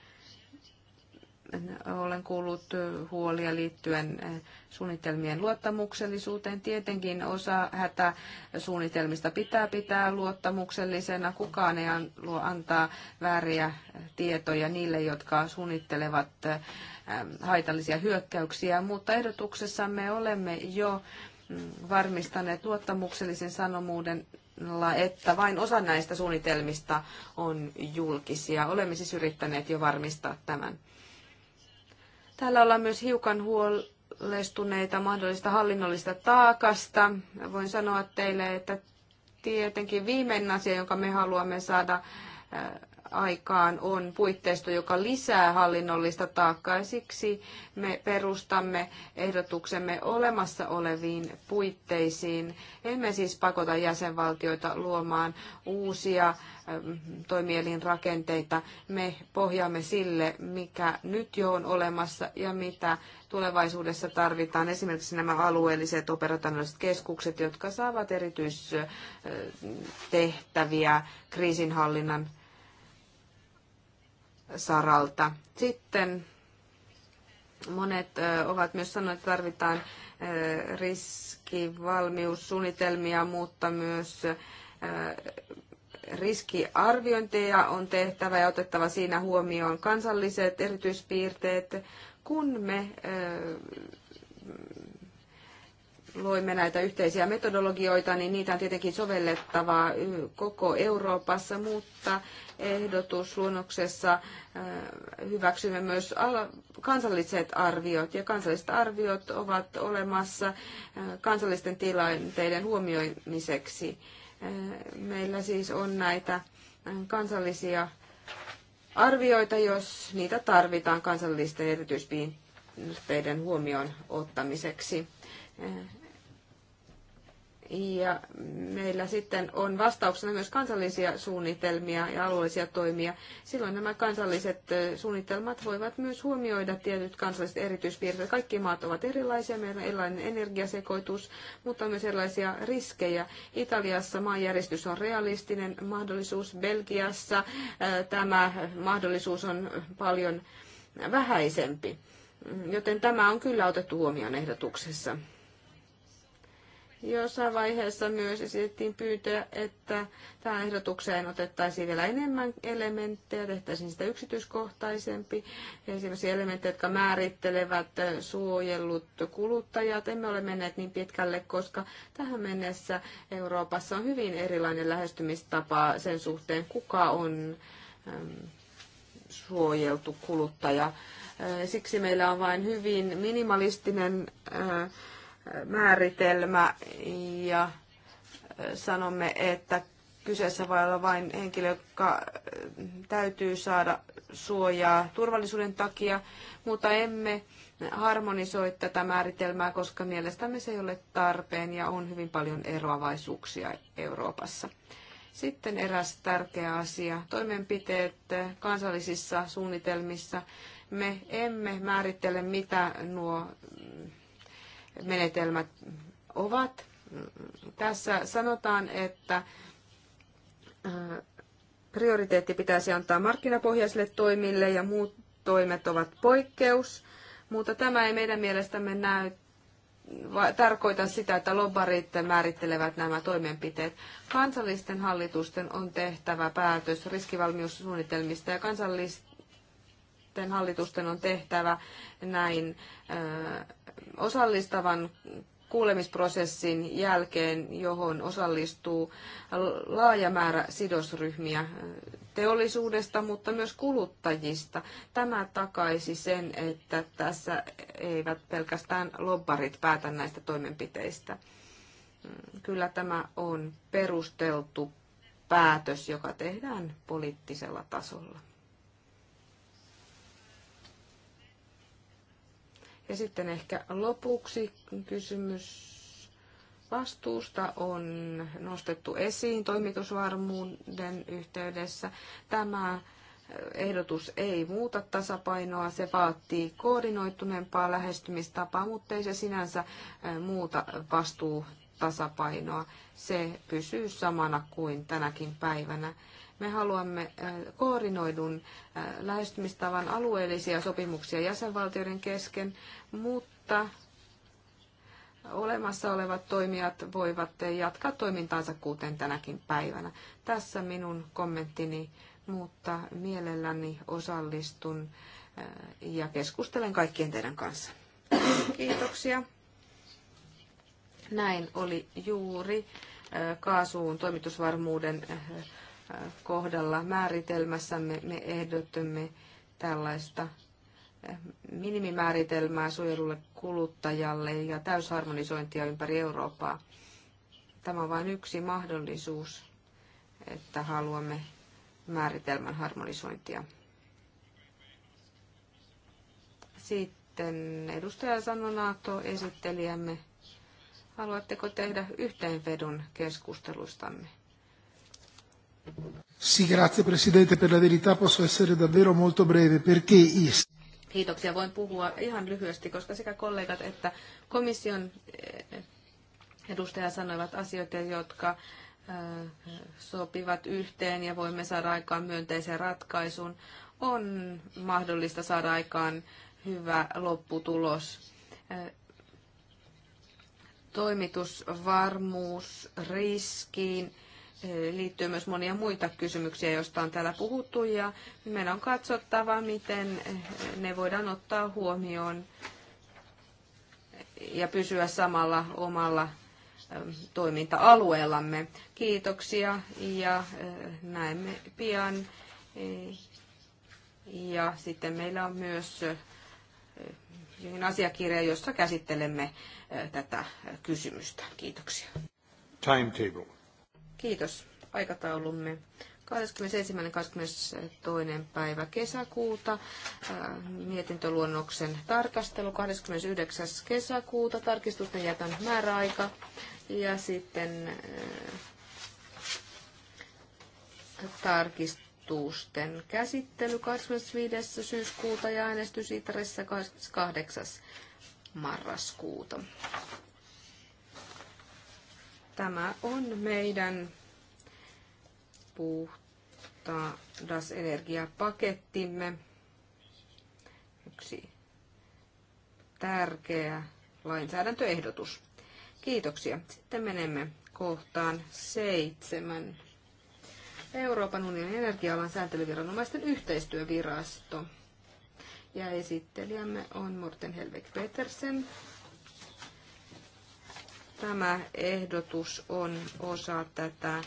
olen kuullut huolia liittyen eh, suunnitelmien luottamuksellisuuteen. Tietenkin osa hätäsuunnitelmista pitää pitää luottamuksellisena. Kukaan ei antaa vääriä tietoja niille, jotka suunnittelevat eh, haitallisia hyökkäyksiä, mutta ehdotuksessamme olemme jo mm, varmistaneet luottamuksellisen sanomuuden että vain osa näistä suunnitelmista on julkisia. Olemme siis yrittäneet jo varmistaa tämän. Täällä ollaan myös hiukan huolestuneita mahdollista hallinnollista taakasta. Voin sanoa teille, että tietenkin viimeinen asia, jonka me haluamme saada aikaan on puitteisto, joka lisää hallinnollista taakkaa. Siksi me perustamme ehdotuksemme olemassa oleviin puitteisiin. Emme siis pakota jäsenvaltioita luomaan uusia toimielinrakenteita. Me pohjaamme sille, mikä nyt jo on olemassa ja mitä tulevaisuudessa tarvitaan. Esimerkiksi nämä alueelliset operatiiviset keskukset, jotka saavat erityistehtäviä äh, kriisinhallinnan saralta. Sitten monet ovat myös sanoneet, että tarvitaan riskivalmiussuunnitelmia, mutta myös riskiarviointeja on tehtävä ja otettava siinä huomioon kansalliset erityispiirteet, kun me luimme näitä yhteisiä metodologioita, niin niitä on tietenkin sovellettavaa koko Euroopassa, mutta ehdotusluonnoksessa äh, hyväksymme myös kansalliset arviot, ja kansalliset arviot ovat olemassa äh, kansallisten tilanteiden huomioimiseksi. Äh, meillä siis on näitä kansallisia arvioita, jos niitä tarvitaan kansallisten erityispiirteiden huomioon ottamiseksi. Ja meillä sitten on vastauksena myös kansallisia suunnitelmia ja alueellisia toimia. Silloin nämä kansalliset suunnitelmat voivat myös huomioida tietyt kansalliset erityispiirteet. Kaikki maat ovat erilaisia, meillä on erilainen energiasekoitus, mutta on myös erilaisia riskejä. Italiassa maanjäristys on realistinen mahdollisuus, Belgiassa tämä mahdollisuus on paljon vähäisempi. Joten tämä on kyllä otettu huomioon ehdotuksessa. Jossain vaiheessa myös esitettiin pyyntöä, että tähän ehdotukseen otettaisiin vielä enemmän elementtejä, tehtäisiin sitä yksityiskohtaisempi. Esimerkiksi elementtejä, jotka määrittelevät suojellut kuluttajat. Emme ole menneet niin pitkälle, koska tähän mennessä Euroopassa on hyvin erilainen lähestymistapa sen suhteen, kuka on suojeltu kuluttaja. Siksi meillä on vain hyvin minimalistinen äh, määritelmä ja sanomme, että kyseessä voi olla vain henkilö, joka täytyy saada suojaa turvallisuuden takia, mutta emme harmonisoi tätä määritelmää, koska mielestämme se ei ole tarpeen ja on hyvin paljon eroavaisuuksia Euroopassa. Sitten eräs tärkeä asia, toimenpiteet kansallisissa suunnitelmissa. Me emme määrittele, mitä nuo menetelmät ovat. Tässä sanotaan, että prioriteetti pitäisi antaa markkinapohjaisille toimille ja muut toimet ovat poikkeus, mutta tämä ei meidän mielestämme näy tarkoita sitä, että lobbarit määrittelevät nämä toimenpiteet. Kansallisten hallitusten on tehtävä päätös riskivalmiussuunnitelmista ja kansallisten hallitusten on tehtävä näin äh, osallistavan kuulemisprosessin jälkeen, johon osallistuu laaja määrä sidosryhmiä teollisuudesta, mutta myös kuluttajista. Tämä takaisi sen, että tässä eivät pelkästään lobbarit päätä näistä toimenpiteistä. Kyllä tämä on perusteltu päätös, joka tehdään poliittisella tasolla. Ja sitten ehkä lopuksi kysymys vastuusta on nostettu esiin toimitusvarmuuden yhteydessä. Tämä ehdotus ei muuta tasapainoa, se vaatii koordinoituneempaa lähestymistapaa, mutta ei se sinänsä muuta vastuutasapainoa. Se pysyy samana kuin tänäkin päivänä. Me haluamme äh, koordinoidun äh, lähestymistavan alueellisia sopimuksia jäsenvaltioiden kesken, mutta olemassa olevat toimijat voivat jatkaa toimintaansa kuten tänäkin päivänä. Tässä minun kommenttini, mutta mielelläni osallistun äh, ja keskustelen kaikkien teidän kanssa. Kiitoksia. Näin oli juuri kaasuun toimitusvarmuuden kohdalla määritelmässämme me ehdotamme tällaista minimimääritelmää suojelulle kuluttajalle ja täysharmonisointia ympäri Eurooppaa. Tämä on vain yksi mahdollisuus, että haluamme määritelmän harmonisointia. Sitten edustaja Sanonaato, esittelijämme. Haluatteko tehdä yhteenvedon keskustelustamme? Sì, grazie Presidente. Per la verità posso essere davvero molto breve perché Kiitoksia. Voin puhua ihan lyhyesti, koska sekä kollegat että komission eh, edustaja sanoivat asioita, jotka eh, sopivat yhteen ja voimme saada aikaan myönteisen ratkaisun. On mahdollista saada aikaan hyvä lopputulos. Eh, toimitusvarmuus riskiin liittyy myös monia muita kysymyksiä, joista on täällä puhuttu, ja meidän on katsottava, miten ne voidaan ottaa huomioon ja pysyä samalla omalla toiminta-alueellamme. Kiitoksia ja äh, näemme pian. Eh, ja sitten meillä on myös äh, jokin asiakirja, jossa käsittelemme äh, tätä kysymystä. Kiitoksia. Timetable. Kiitos aikataulumme. 21 päivä kesäkuuta, äh, mietintöluonnoksen tarkastelu 29. kesäkuuta, tarkistusten jätän määräaika ja sitten äh, tarkistusten käsittely 25. syyskuuta ja äänestys Itressä 28. marraskuuta. Tämä on meidän puhtaas energiapakettimme yksi tärkeä lainsäädäntöehdotus. Kiitoksia. Sitten menemme kohtaan seitsemän. Euroopan unionin energia-alan sääntelyviranomaisten yhteistyövirasto. Ja esittelijämme on Morten Helvek Petersen. Tämä ehdotus on osa tätä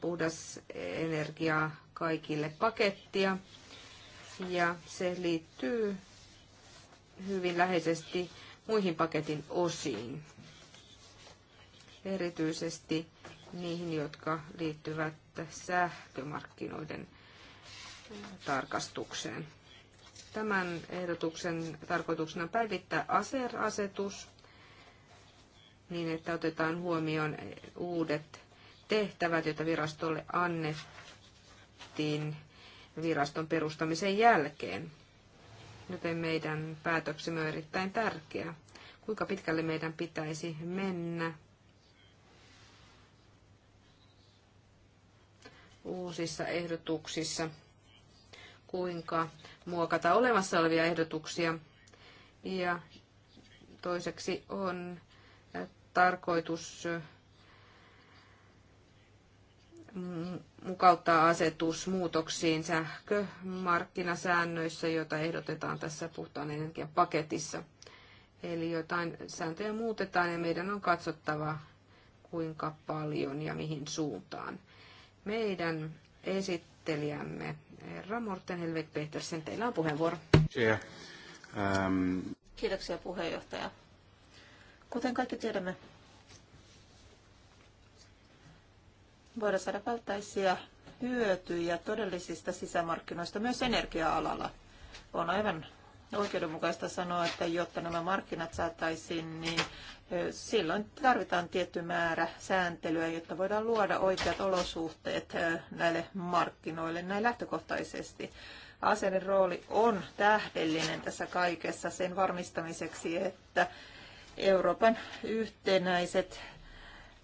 puhdas energiaa kaikille pakettia ja se liittyy hyvin läheisesti muihin paketin osiin, erityisesti niihin, jotka liittyvät sähkömarkkinoiden tarkastukseen. Tämän ehdotuksen tarkoituksena on päivittää ASER-asetus niin, että otetaan huomioon uudet tehtävät, joita virastolle annettiin viraston perustamisen jälkeen. Joten meidän päätöksemme on erittäin tärkeä. Kuinka pitkälle meidän pitäisi mennä uusissa ehdotuksissa? Kuinka muokata olemassa olevia ehdotuksia? Ja toiseksi on tarkoitus mm, mukauttaa asetus muutoksiin sähkömarkkinasäännöissä, joita ehdotetaan tässä puhtaan energian paketissa. Eli jotain sääntöjä muutetaan ja meidän on katsottava, kuinka paljon ja mihin suuntaan. Meidän esittelijämme herra Morten Helvek Petersen, teillä on puheenvuoro. Um, Kiitoksia puheenjohtaja. Kuten kaikki tiedämme, voidaan saada välttäisiä hyötyjä todellisista sisämarkkinoista myös energia-alalla. On aivan oikeudenmukaista sanoa, että jotta nämä markkinat saataisiin, niin silloin tarvitaan tietty määrä sääntelyä, jotta voidaan luoda oikeat olosuhteet näille markkinoille näin lähtökohtaisesti. Aseiden rooli on tähdellinen tässä kaikessa sen varmistamiseksi, että Euroopan yhtenäiset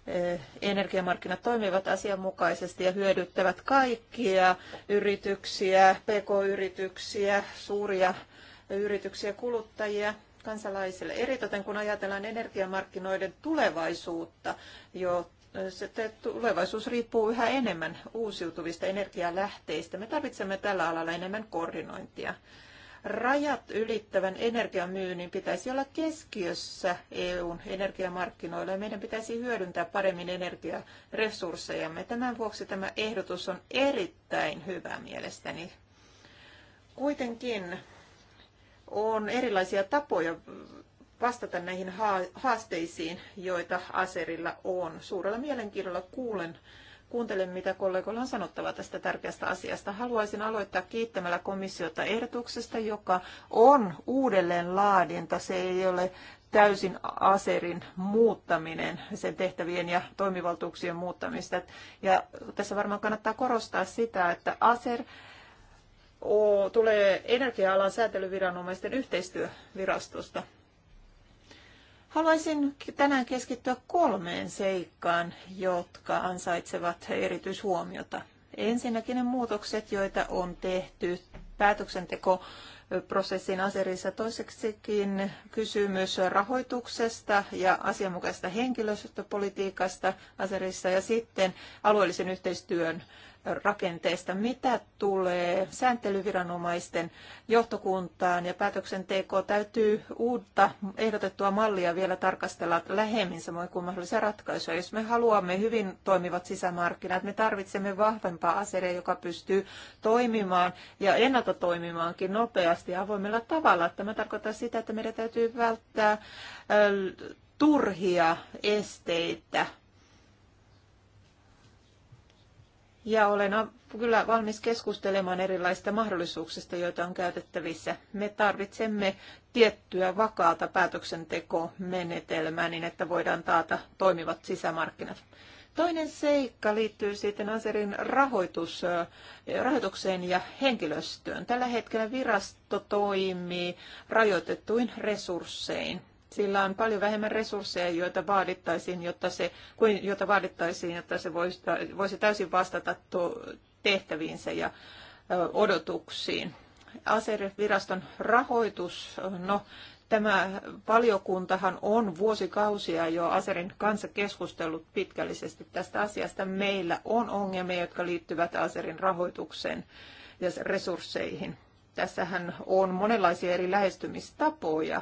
eh, energiamarkkinat toimivat asianmukaisesti ja hyödyttävät kaikkia yrityksiä, pk-yrityksiä, suuria yrityksiä, kuluttajia, kansalaisille. Eritoten kun ajatellaan energiamarkkinoiden tulevaisuutta, jo eh, se tulevaisuus riippuu yhä enemmän uusiutuvista energialähteistä. Me tarvitsemme tällä alalla enemmän koordinointia. Rajat ylittävän energiamyynnin pitäisi olla keskiössä EUn energiamarkkinoilla ja meidän pitäisi hyödyntää paremmin energiaresurssejamme. Tämän vuoksi tämä ehdotus on erittäin hyvä mielestäni. Kuitenkin on erilaisia tapoja vastata näihin haasteisiin, joita Aserilla on. Suurella mielenkiinnolla kuulen kuuntelen, mitä kollegoilla on sanottava tästä tärkeästä asiasta. Haluaisin aloittaa kiittämällä komissiota ehdotuksesta, joka on uudelleen laadinta. Se ei ole täysin aserin muuttaminen, sen tehtävien ja toimivaltuuksien muuttamista. Ja tässä varmaan kannattaa korostaa sitä, että aser tulee energia-alan säätelyviranomaisten yhteistyövirastosta. Haluaisin tänään keskittyä kolmeen seikkaan, jotka ansaitsevat erityishuomiota. Ensinnäkin ne muutokset, joita on tehty päätöksentekoprosessin prosessin aserissa. Toiseksikin kysymys rahoituksesta ja asianmukaisesta henkilöstöpolitiikasta aserissa ja sitten alueellisen yhteistyön rakenteesta. Mitä tulee sääntelyviranomaisten johtokuntaan ja päätöksenteko täytyy uutta ehdotettua mallia vielä tarkastella lähemmin samoin kuin mahdollisia ratkaisuja. Jos me haluamme hyvin toimivat sisämarkkinat, me tarvitsemme vahvempaa aseria, joka pystyy toimimaan ja ennalta toimimaankin nopeasti ja avoimella tavalla. Tämä tarkoittaa sitä, että meidän täytyy välttää turhia esteitä ja olen kyllä valmis keskustelemaan erilaisista mahdollisuuksista, joita on käytettävissä. Me tarvitsemme tiettyä vakaata päätöksentekomenetelmää niin, että voidaan taata toimivat sisämarkkinat. Toinen seikka liittyy sitten Aserin rahoitus, rahoitukseen ja henkilöstöön. Tällä hetkellä virasto toimii rajoitettuin resurssein. Sillä on paljon vähemmän resursseja, joita vaadittaisiin, jotta se, kuin, jota vaadittaisiin, jotta se voisi, voisi täysin vastata tehtäviinsä ja odotuksiin. Aseriviraston viraston rahoitus, no tämä valiokuntahan on vuosikausia jo Aserin kanssa keskustellut pitkällisesti tästä asiasta. Meillä on ongelmia, jotka liittyvät Aserin rahoitukseen ja resursseihin. Tässähän on monenlaisia eri lähestymistapoja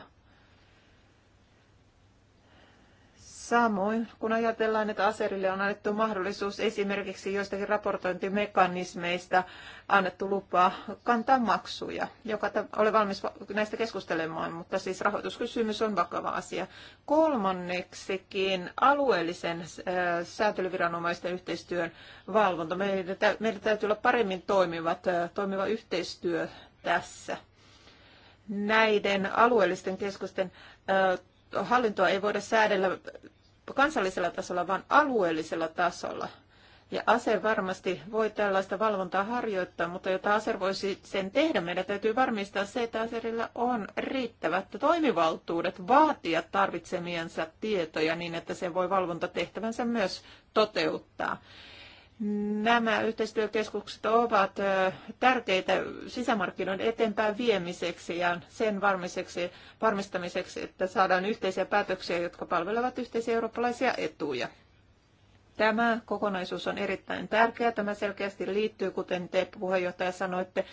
Samoin, kun ajatellaan, että Aserille on annettu mahdollisuus esimerkiksi joistakin raportointimekanismeista annettu lupaa kantaa maksuja, joka ole valmis näistä keskustelemaan, mutta siis rahoituskysymys on vakava asia. Kolmanneksikin alueellisen äh, sääntelyviranomaisten yhteistyön valvonta. Meidän täytyy olla paremmin toimivat, äh, toimiva yhteistyö tässä. Näiden alueellisten keskusten äh, hallintoa ei voida säädellä kansallisella tasolla, vaan alueellisella tasolla. Ja ASER varmasti voi tällaista valvontaa harjoittaa, mutta jotta ASER voisi sen tehdä, meidän täytyy varmistaa se, että ASERilla on riittävät toimivaltuudet vaatia tarvitsemiensa tietoja niin, että se voi valvontatehtävänsä myös toteuttaa. Nämä yhteistyökeskukset ovat tärkeitä sisämarkkinoiden eteenpäin viemiseksi ja sen varmistamiseksi, että saadaan yhteisiä päätöksiä, jotka palvelevat yhteisiä eurooppalaisia etuja. Tämä kokonaisuus on erittäin tärkeä. Tämä selkeästi liittyy, kuten te puheenjohtaja sanoitte,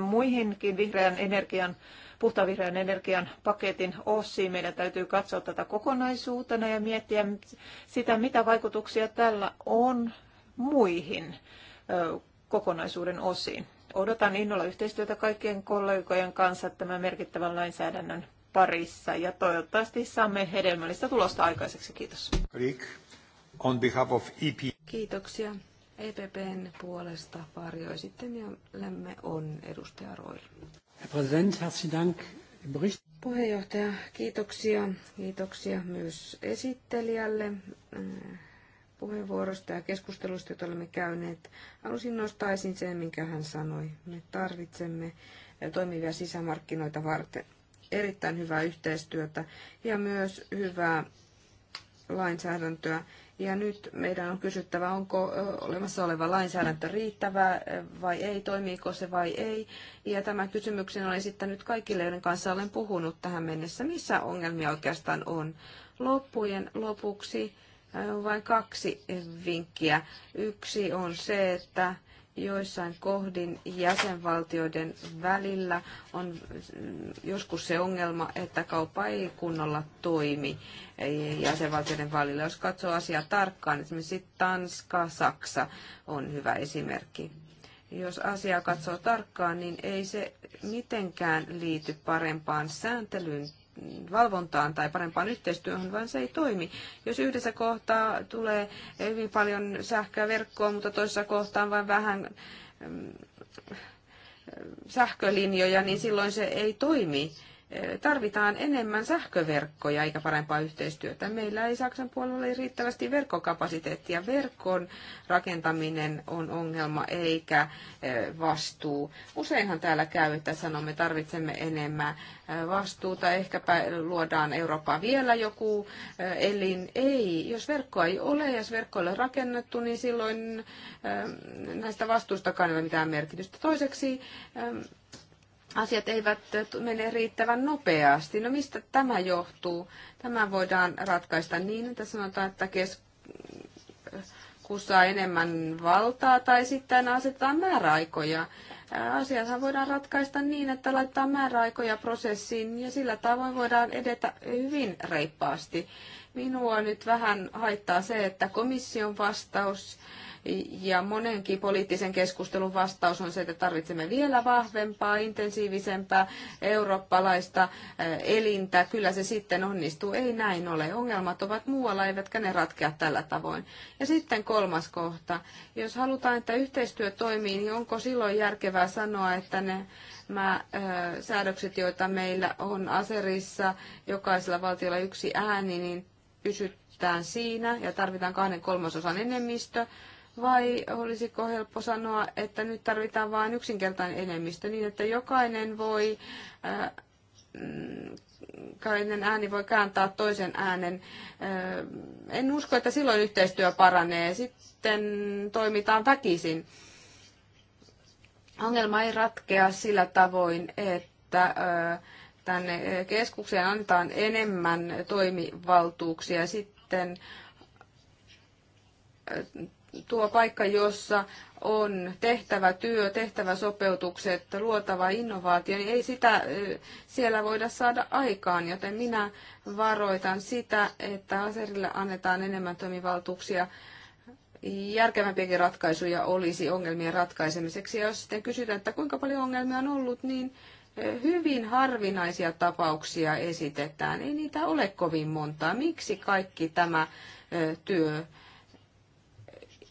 muihinkin vihreän energian puhtaan vihreän energian paketin osiin. Meidän täytyy katsoa tätä kokonaisuutena ja miettiä sitä, mitä vaikutuksia tällä on muihin kokonaisuuden osiin. Odotan innolla yhteistyötä kaikkien kollegojen kanssa tämän merkittävän lainsäädännön parissa ja toivottavasti saamme hedelmällistä tulosta aikaiseksi. Kiitos. Rick, on behalf of EP. Kiitoksia. EPPn puolesta varjoi sitten ja lämme on edustaja Roil. Puheenjohtaja, kiitoksia. Kiitoksia myös esittelijälle äh, puheenvuorosta ja keskustelusta, jota olemme käyneet. Halusin nostaa esiin sen, minkä hän sanoi. Me tarvitsemme eh, toimivia sisämarkkinoita varten erittäin hyvää yhteistyötä ja myös hyvää lainsäädäntöä. Ja nyt meidän on kysyttävä, onko eh, olemassa oleva lainsäädäntö riittävää eh, vai ei, toimiiko se vai ei. Ja tämän kysymyksen olen esittänyt kaikille, joiden kanssa olen puhunut tähän mennessä, missä ongelmia oikeastaan on. Loppujen lopuksi on äh, vain kaksi vinkkiä. Yksi on se, että joissain kohdin jäsenvaltioiden välillä on joskus se ongelma, että kauppa ei kunnolla toimi jäsenvaltioiden välillä. Jos katsoo asiaa tarkkaan, esimerkiksi Tanska, Saksa on hyvä esimerkki. Jos asiaa katsoo tarkkaan, niin ei se mitenkään liity parempaan sääntelyyn valvontaan tai parempaan yhteistyöhön, vaan se ei toimi. Jos yhdessä kohtaa tulee hyvin paljon sähköä verkkoon, mutta toisessa kohtaan vain vähän mm, sähkölinjoja, niin silloin se ei toimi tarvitaan enemmän sähköverkkoja eikä parempaa yhteistyötä. Meillä ei Saksan puolella ole riittävästi verkkokapasiteettia. Verkon rakentaminen on ongelma eikä eh, vastuu. Useinhan täällä käy, että sanomme että tarvitsemme enemmän eh, vastuuta. Ehkäpä luodaan Eurooppaan vielä joku eh, elin. Ei, jos verkkoa ei ole, jos verkko ei ole rakennettu, niin silloin näistä vastuustakaan ei ole mitään merkitystä. Toiseksi asiat eivät mene riittävän nopeasti. No mistä tämä johtuu? Tämä voidaan ratkaista niin, että sanotaan, että keskus saa enemmän valtaa tai sitten asetetaan määräaikoja. Asiathan voidaan ratkaista niin, että laittaa määräaikoja prosessiin ja sillä tavoin voidaan edetä hyvin reippaasti. Minua nyt vähän haittaa se, että komission vastaus ja monenkin poliittisen keskustelun vastaus on se, että tarvitsemme vielä vahvempaa, intensiivisempää eurooppalaista eh, elintä. Kyllä se sitten onnistuu. Ei näin ole. Ongelmat ovat muualla, eivätkä ne ratkea tällä tavoin. Ja sitten kolmas kohta. Jos halutaan, että yhteistyö toimii, niin onko silloin järkevää sanoa, että ne äh, säädökset, joita meillä on aserissa, jokaisella valtiolla yksi ääni, niin pysytään siinä ja tarvitaan kahden kolmasosan enemmistö vai olisiko helppo sanoa, että nyt tarvitaan vain yksinkertainen enemmistö niin, että jokainen voi äh, jokainen ääni voi kääntää toisen äänen. Äh, en usko, että silloin yhteistyö paranee. Sitten toimitaan väkisin. Ongelma ei ratkea sillä tavoin, että äh, tänne keskukseen annetaan enemmän toimivaltuuksia. Sitten tuo paikka, jossa on tehtävä työ, tehtävä sopeutukset, luotava innovaatio, niin ei sitä siellä voida saada aikaan, joten minä varoitan sitä, että aserille annetaan enemmän toimivaltuuksia järkevämpiäkin ratkaisuja olisi ongelmien ratkaisemiseksi. Ja jos sitten kysytään, että kuinka paljon ongelmia on ollut, niin hyvin harvinaisia tapauksia esitetään. Ei niitä ole kovin montaa. Miksi kaikki tämä työ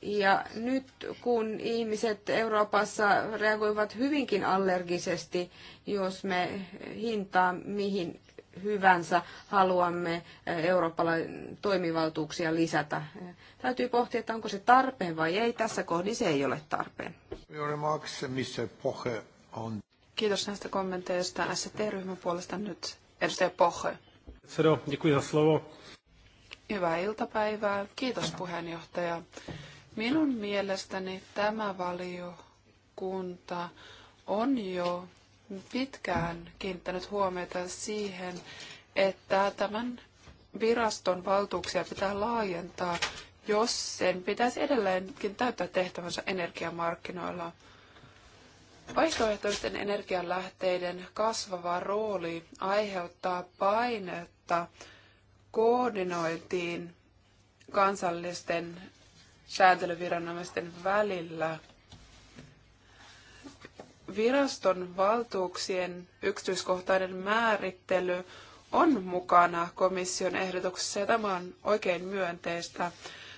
ja nyt kun ihmiset Euroopassa reagoivat hyvinkin allergisesti, jos me hintaa mihin hyvänsä haluamme eh, eurooppalaisen toimivaltuuksia lisätä. Täytyy pohtia, että onko se tarpeen vai ei. Tässä kohdin se ei ole tarpeen. Kiitos näistä kommenteista. ST-ryhmän puolesta nyt edustaja Poche. Hyvää iltapäivää. Kiitos puheenjohtaja. Minun mielestäni tämä valiokunta on jo pitkään kiinnittänyt huomiota siihen, että tämän viraston valtuuksia pitää laajentaa, jos sen pitäisi edelleenkin täyttää tehtävänsä energiamarkkinoilla. Vaihtoehtoisten energialähteiden kasvava rooli aiheuttaa painetta koordinointiin kansallisten säätelyviranomaisten välillä. Viraston valtuuksien yksityiskohtainen määrittely on mukana komission ehdotuksessa ja tämä on oikein myönteistä.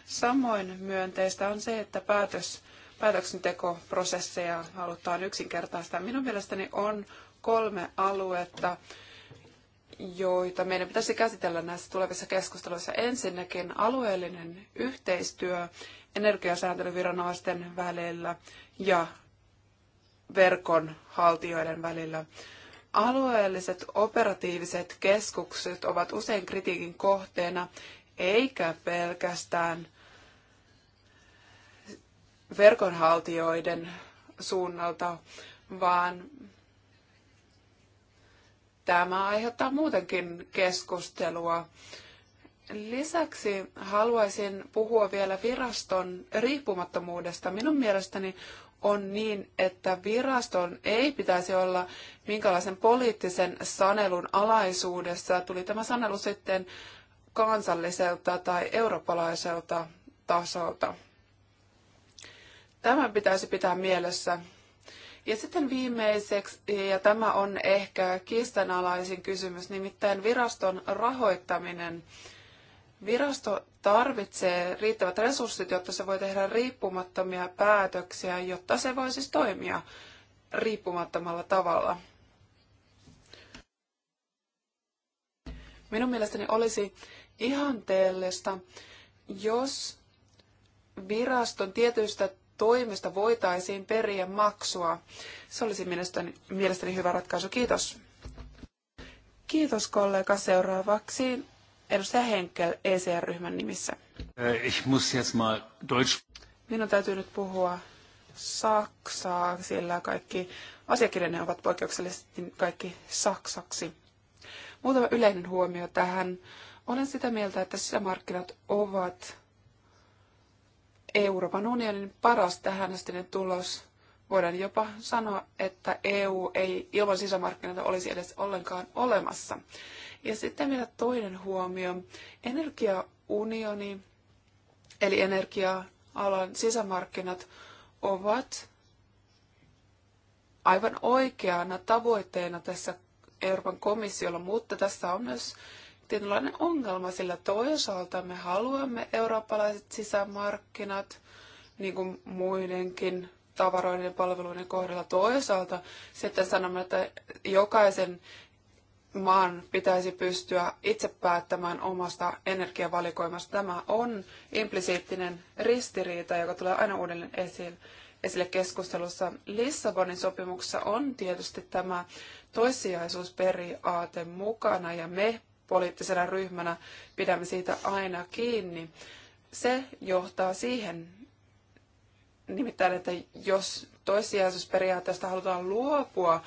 Samoin myönteistä on se, että päätös, päätöksentekoprosesseja halutaan yksinkertaistaa. Minun mielestäni on kolme aluetta, joita meidän pitäisi käsitellä näissä tulevissa keskusteluissa. Ensinnäkin alueellinen yhteistyö energiasääntelyviranomaisten välillä ja verkon haltijoiden välillä. Alueelliset operatiiviset keskukset ovat usein kritiikin kohteena, eikä pelkästään verkonhaltijoiden suunnalta, vaan tämä aiheuttaa muutenkin keskustelua Lisäksi haluaisin puhua vielä viraston riippumattomuudesta. Minun mielestäni on niin, että viraston ei pitäisi olla minkälaisen poliittisen sanelun alaisuudessa. Tuli tämä sanelu sitten kansalliselta tai eurooppalaiselta tasolta. Tämä pitäisi pitää mielessä. Ja sitten viimeiseksi, ja tämä on ehkä kiistanalaisin kysymys, nimittäin viraston rahoittaminen. Virasto tarvitsee riittävät resurssit, jotta se voi tehdä riippumattomia päätöksiä, jotta se voi siis toimia riippumattomalla tavalla. Minun mielestäni olisi ihanteellista, jos viraston tietyistä toimista voitaisiin periä maksua. Se olisi mielestäni, mielestäni hyvä ratkaisu. Kiitos. Kiitos kollega. Seuraavaksi Edustaja Henkel ECR-ryhmän nimissä. Äh, ich muss jetzt mal Deutsch... Minun täytyy nyt puhua saksaa, sillä kaikki asiakirjani ovat poikkeuksellisesti kaikki saksaksi. Muutama yleinen huomio tähän. Olen sitä mieltä, että sisämarkkinat ovat Euroopan unionin paras tähänastinen tulos. Voidaan jopa sanoa, että EU ei ilman sisämarkkinoita olisi edes ollenkaan olemassa. Ja sitten vielä toinen huomio. Energiaunioni, eli energia-alan sisämarkkinat, ovat aivan oikeana tavoitteena tässä Euroopan komissiolla, mutta tässä on myös tietynlainen ongelma, sillä toisaalta me haluamme eurooppalaiset sisämarkkinat, niin kuin muidenkin tavaroiden ja palveluiden kohdalla. Toisaalta sitten sanomme, että jokaisen maan pitäisi pystyä itse päättämään omasta energiavalikoimasta. Tämä on implisiittinen ristiriita, joka tulee aina uudelleen esille, esille keskustelussa. Lissabonin sopimuksessa on tietysti tämä toissijaisuusperiaate mukana ja me poliittisena ryhmänä pidämme siitä aina kiinni. Se johtaa siihen nimittäin, että jos toissijaisuusperiaatteesta halutaan luopua,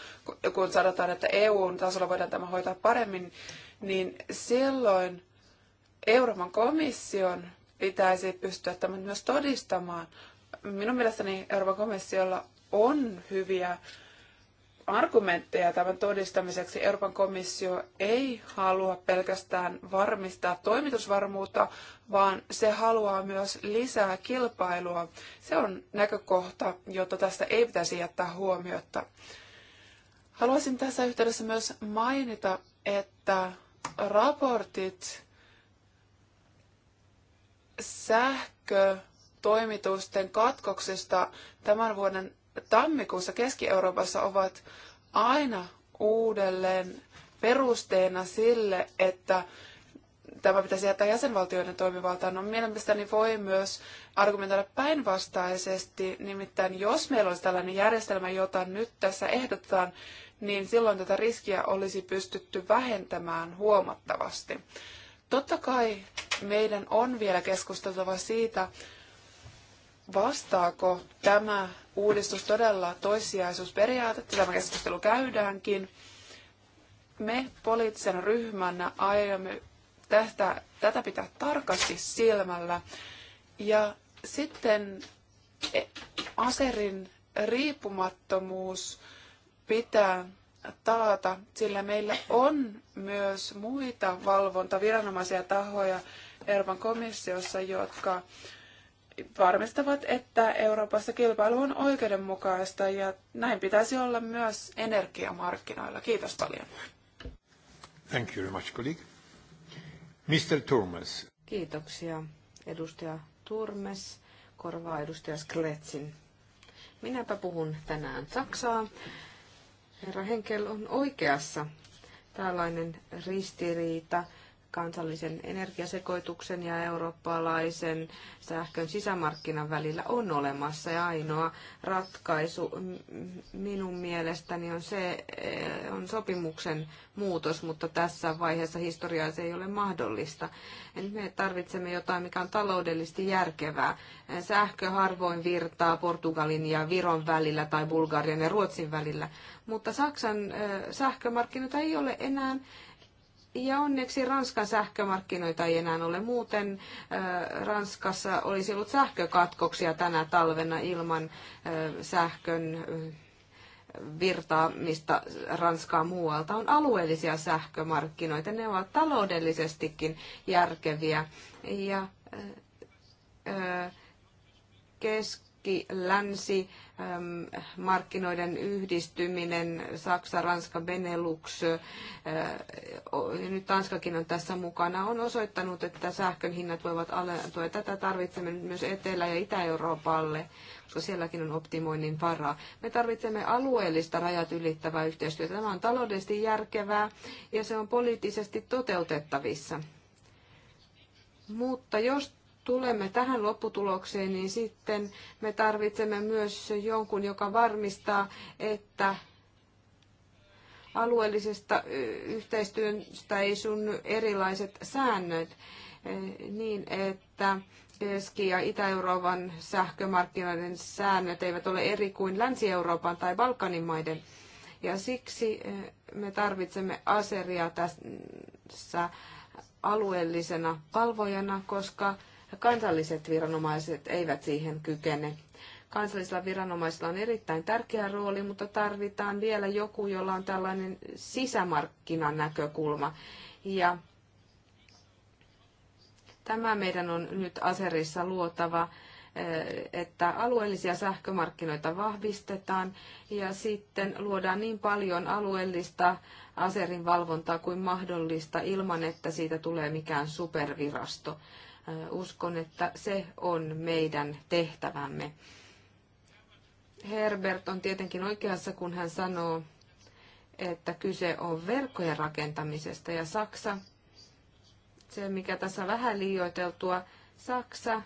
kun sanotaan, että EU-tasolla voidaan tämä hoitaa paremmin, niin silloin Euroopan komission pitäisi pystyä tämän myös todistamaan. Minun mielestäni Euroopan komissiolla on hyviä argumentteja tämän todistamiseksi. Euroopan komissio ei halua pelkästään varmistaa toimitusvarmuutta, vaan se haluaa myös lisää kilpailua. Se on näkökohta, jota tästä ei pitäisi jättää huomiota. Haluaisin tässä yhteydessä myös mainita, että raportit sähkötoimitusten katkoksista tämän vuoden tammikuussa Keski-Euroopassa ovat aina uudelleen perusteena sille, että tämä pitäisi jättää jäsenvaltioiden toimivaltaan, on no, mielestäni voi myös argumentoida päinvastaisesti. Nimittäin jos meillä olisi tällainen järjestelmä, jota nyt tässä ehdotetaan, niin silloin tätä riskiä olisi pystytty vähentämään huomattavasti. Totta kai meidän on vielä keskusteltava siitä, vastaako tämä uudistus todella toissijaisuusperiaatetta. Tämä keskustelu käydäänkin. Me poliittisena ryhmänä aiomme tästä, tätä pitää tarkasti silmällä. Ja sitten e, aserin riippumattomuus pitää taata, sillä meillä on myös muita valvontaviranomaisia tahoja Euroopan komissiossa, jotka varmistavat, että Euroopassa kilpailu on oikeudenmukaista ja näin pitäisi olla myös energiamarkkinoilla. Kiitos paljon. Thank you very much, colleague. Mr. Turmes. Kiitoksia, edustaja Turmes. Korvaa edustaja Skletsin. Minäpä puhun tänään Saksaa. Herra Henkel on oikeassa. Tällainen ristiriita kansallisen energiasekoituksen ja eurooppalaisen sähkön sisämarkkinan välillä on olemassa. Ja ainoa ratkaisu minun mielestäni on, se, eh, on sopimuksen muutos, mutta tässä vaiheessa historiaa se ei ole mahdollista. Eli me tarvitsemme jotain, mikä on taloudellisesti järkevää. Sähkö harvoin virtaa Portugalin ja Viron välillä tai Bulgarian ja Ruotsin välillä, mutta Saksan eh, sähkömarkkinoita ei ole enää ja onneksi Ranskan sähkömarkkinoita ei enää ole. Muuten Ranskassa olisi ollut sähkökatkoksia tänä talvena ilman sähkön virtaamista Ranskaa muualta. On alueellisia sähkömarkkinoita. Ne ovat taloudellisestikin järkeviä. Ja, kesk- kaikki länsi ähm, markkinoiden yhdistyminen, Saksa, Ranska, Benelux, äh, nyt Tanskakin on tässä mukana, on osoittanut, että sähkön hinnat voivat alentua. Tätä tarvitsemme nyt myös Etelä- ja Itä-Euroopalle, koska sielläkin on optimoinnin varaa. Me tarvitsemme alueellista rajat ylittävää yhteistyötä. Tämä on taloudellisesti järkevää ja se on poliittisesti toteutettavissa. Mutta jos tulemme tähän lopputulokseen, niin sitten me tarvitsemme myös jonkun, joka varmistaa, että alueellisesta yhteistyöstä ei synny erilaiset säännöt e, niin, että Keski- ja Itä-Euroopan sähkömarkkinoiden säännöt eivät ole eri kuin Länsi-Euroopan tai Balkanin maiden. Ja siksi e, me tarvitsemme aseria tässä alueellisena palvojana, koska kansalliset viranomaiset eivät siihen kykene. Kansallisilla viranomaisilla on erittäin tärkeä rooli, mutta tarvitaan vielä joku, jolla on tällainen sisämarkkinan näkökulma. Ja tämä meidän on nyt Aserissa luotava, eh, että alueellisia sähkömarkkinoita vahvistetaan ja sitten luodaan niin paljon alueellista Aserin valvontaa kuin mahdollista ilman, että siitä tulee mikään supervirasto. Uskon, että se on meidän tehtävämme. Herbert on tietenkin oikeassa, kun hän sanoo, että kyse on verkkojen rakentamisesta ja Saksa, se mikä tässä on vähän liioiteltua, Saksa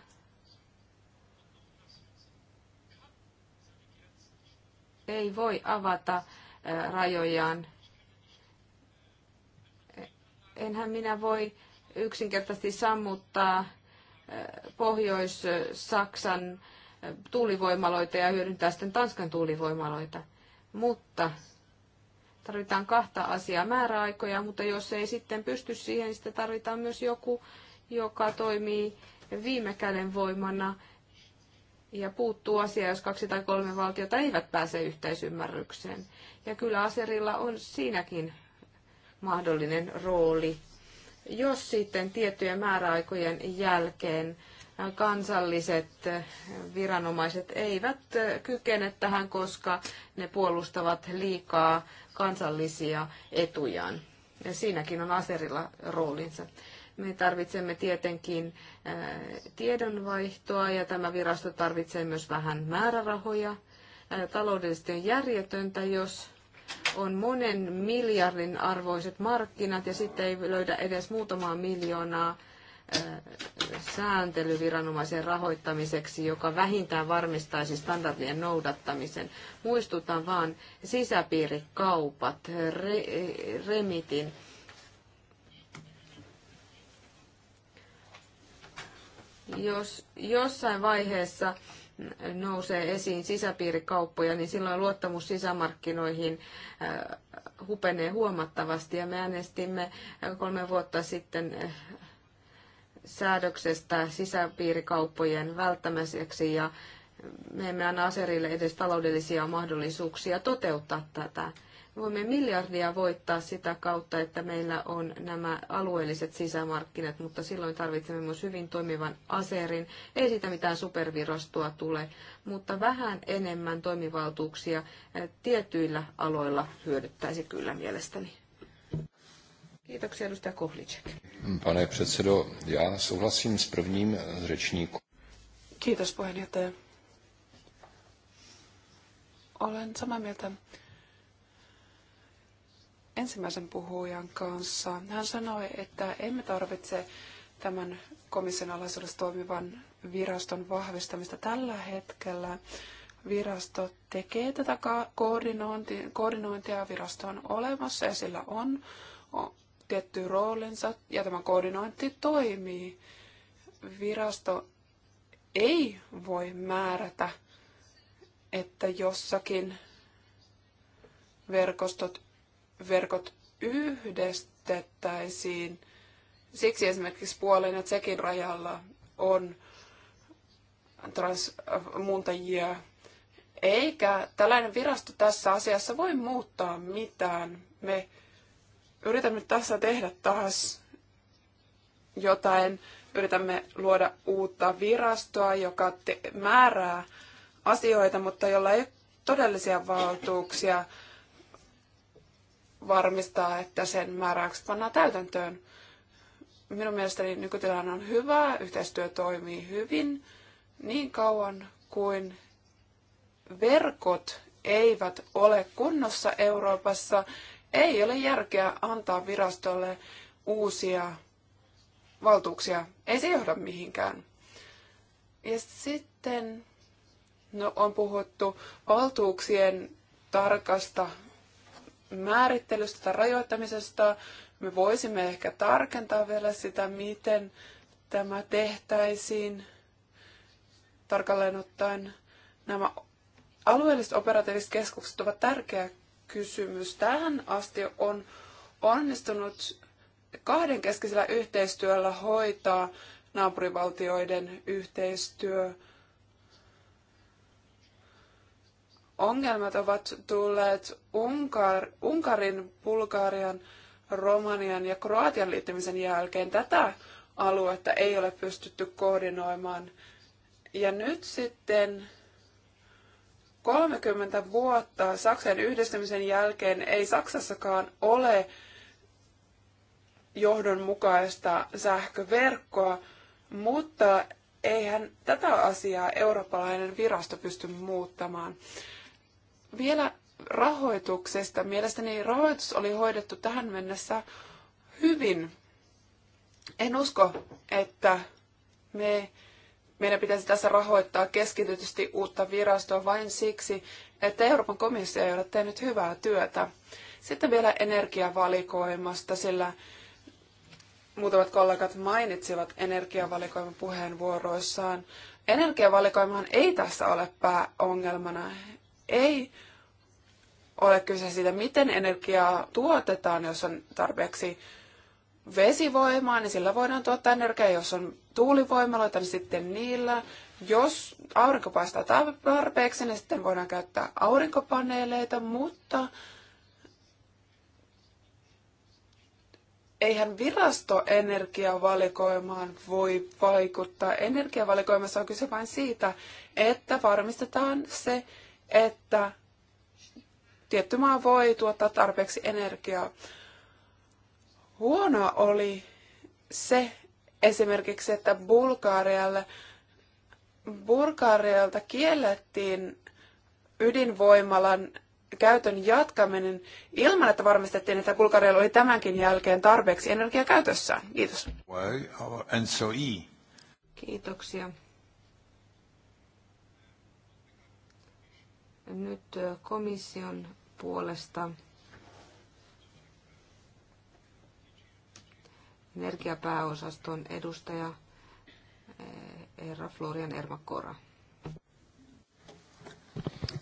ei voi avata rajojaan. Enhän minä voi yksinkertaisesti sammuttaa eh, Pohjois-Saksan eh, tuulivoimaloita ja hyödyntää sitten Tanskan tuulivoimaloita. Mutta tarvitaan kahta asiaa, määräaikoja, mutta jos ei sitten pysty siihen, niin sitten tarvitaan myös joku, joka toimii viime käden voimana ja puuttuu asia, jos kaksi tai kolme valtiota eivät pääse yhteisymmärrykseen. Ja kyllä aserilla on siinäkin mahdollinen rooli jos sitten tiettyjen määräaikojen jälkeen kansalliset viranomaiset eivät kykene tähän, koska ne puolustavat liikaa kansallisia etujaan. Ja siinäkin on aserilla roolinsa. Me tarvitsemme tietenkin äh, tiedonvaihtoa ja tämä virasto tarvitsee myös vähän määrärahoja. Äh, taloudellisesti on järjetöntä, jos on monen miljardin arvoiset markkinat ja sitten ei löydä edes muutamaa miljoonaa sääntelyviranomaisen rahoittamiseksi, joka vähintään varmistaisi standardien noudattamisen. Muistutan vaan sisäpiirikaupat, re, remitin. Jos jossain vaiheessa nousee esiin sisäpiirikauppoja, niin silloin luottamus sisämarkkinoihin äh, hupenee huomattavasti. Ja me äänestimme äh, kolme vuotta sitten äh, säädöksestä sisäpiirikauppojen välttämiseksi ja me emme anna aserille edes taloudellisia mahdollisuuksia toteuttaa tätä voimme miljardia voittaa sitä kautta, että meillä on nämä alueelliset sisämarkkinat, mutta silloin tarvitsemme myös hyvin toimivan aserin. Ei siitä mitään supervirastoa tule, mutta vähän enemmän toimivaltuuksia eh, tietyillä aloilla hyödyttäisi kyllä mielestäni. Kiitoksia edustaja Kohlicek. Pane předsedo, ja souhlasím s prvním eh, z Kiitos puheenjohtaja. Olen samaa mieltä ensimmäisen puhujan kanssa. Hän sanoi, että emme tarvitse tämän komission alaisuudessa toimivan viraston vahvistamista tällä hetkellä. Virasto tekee tätä koordinointia, virasto on olemassa ja sillä on tietty roolinsa ja tämä koordinointi toimii. Virasto ei voi määrätä, että jossakin verkostot verkot yhdistettäisiin. Siksi esimerkiksi Puolen ja Tsekin rajalla on transmuuntajia. Eikä tällainen virasto tässä asiassa voi muuttaa mitään. Me yritämme tässä tehdä taas jotain. Yritämme luoda uutta virastoa, joka määrää asioita, mutta jolla ei ole todellisia valtuuksia varmistaa, että sen määräykset pannaan täytäntöön. Minun mielestäni nykytilanne on hyvä, yhteistyö toimii hyvin niin kauan kuin verkot eivät ole kunnossa Euroopassa, ei ole järkeä antaa virastolle uusia valtuuksia. Ei se johda mihinkään. Ja sitten no, on puhuttu valtuuksien tarkasta määrittelystä tai rajoittamisesta. Me voisimme ehkä tarkentaa vielä sitä, miten tämä tehtäisiin tarkalleen ottaen. Nämä alueelliset operatiiviset keskukset ovat tärkeä kysymys. Tähän asti on onnistunut kahden keskisellä yhteistyöllä hoitaa naapurivaltioiden yhteistyö ongelmat ovat tulleet Unkar, Unkarin, Bulgarian, Romanian ja Kroatian liittymisen jälkeen. Tätä aluetta ei ole pystytty koordinoimaan. Ja nyt sitten 30 vuotta Saksan yhdistymisen jälkeen ei Saksassakaan ole johdonmukaista sähköverkkoa, mutta eihän tätä asiaa eurooppalainen virasto pysty muuttamaan. Vielä rahoituksesta. Mielestäni rahoitus oli hoidettu tähän mennessä hyvin. En usko, että me, meidän pitäisi tässä rahoittaa keskitytysti uutta virastoa vain siksi, että Euroopan komissio ei ole tehnyt hyvää työtä. Sitten vielä energiavalikoimasta, sillä muutamat kollegat mainitsivat energiavalikoiman puheenvuoroissaan. Energiavalikoimahan ei tässä ole pääongelmana. Ei ole kyse siitä, miten energiaa tuotetaan, jos on tarpeeksi vesivoimaa, niin sillä voidaan tuottaa energiaa. Jos on tuulivoimaloita, niin sitten niillä. Jos aurinko paistaa tarpeeksi, niin sitten voidaan käyttää aurinkopaneeleita, mutta eihän virasto energiavalikoimaan voi vaikuttaa. Energiavalikoimassa on kyse vain siitä, että varmistetaan se, että tietty maa voi tuottaa tarpeeksi energiaa. Huono oli se esimerkiksi, että Bulgarialle, Bulgarialta kiellettiin ydinvoimalan käytön jatkaminen ilman, että varmistettiin, että Bulgarialla oli tämänkin jälkeen tarpeeksi energiaa käytössään. Kiitos. E? Kiitoksia. Nyt komission puolesta energiapääosaston edustaja Herra Florian Ermakora.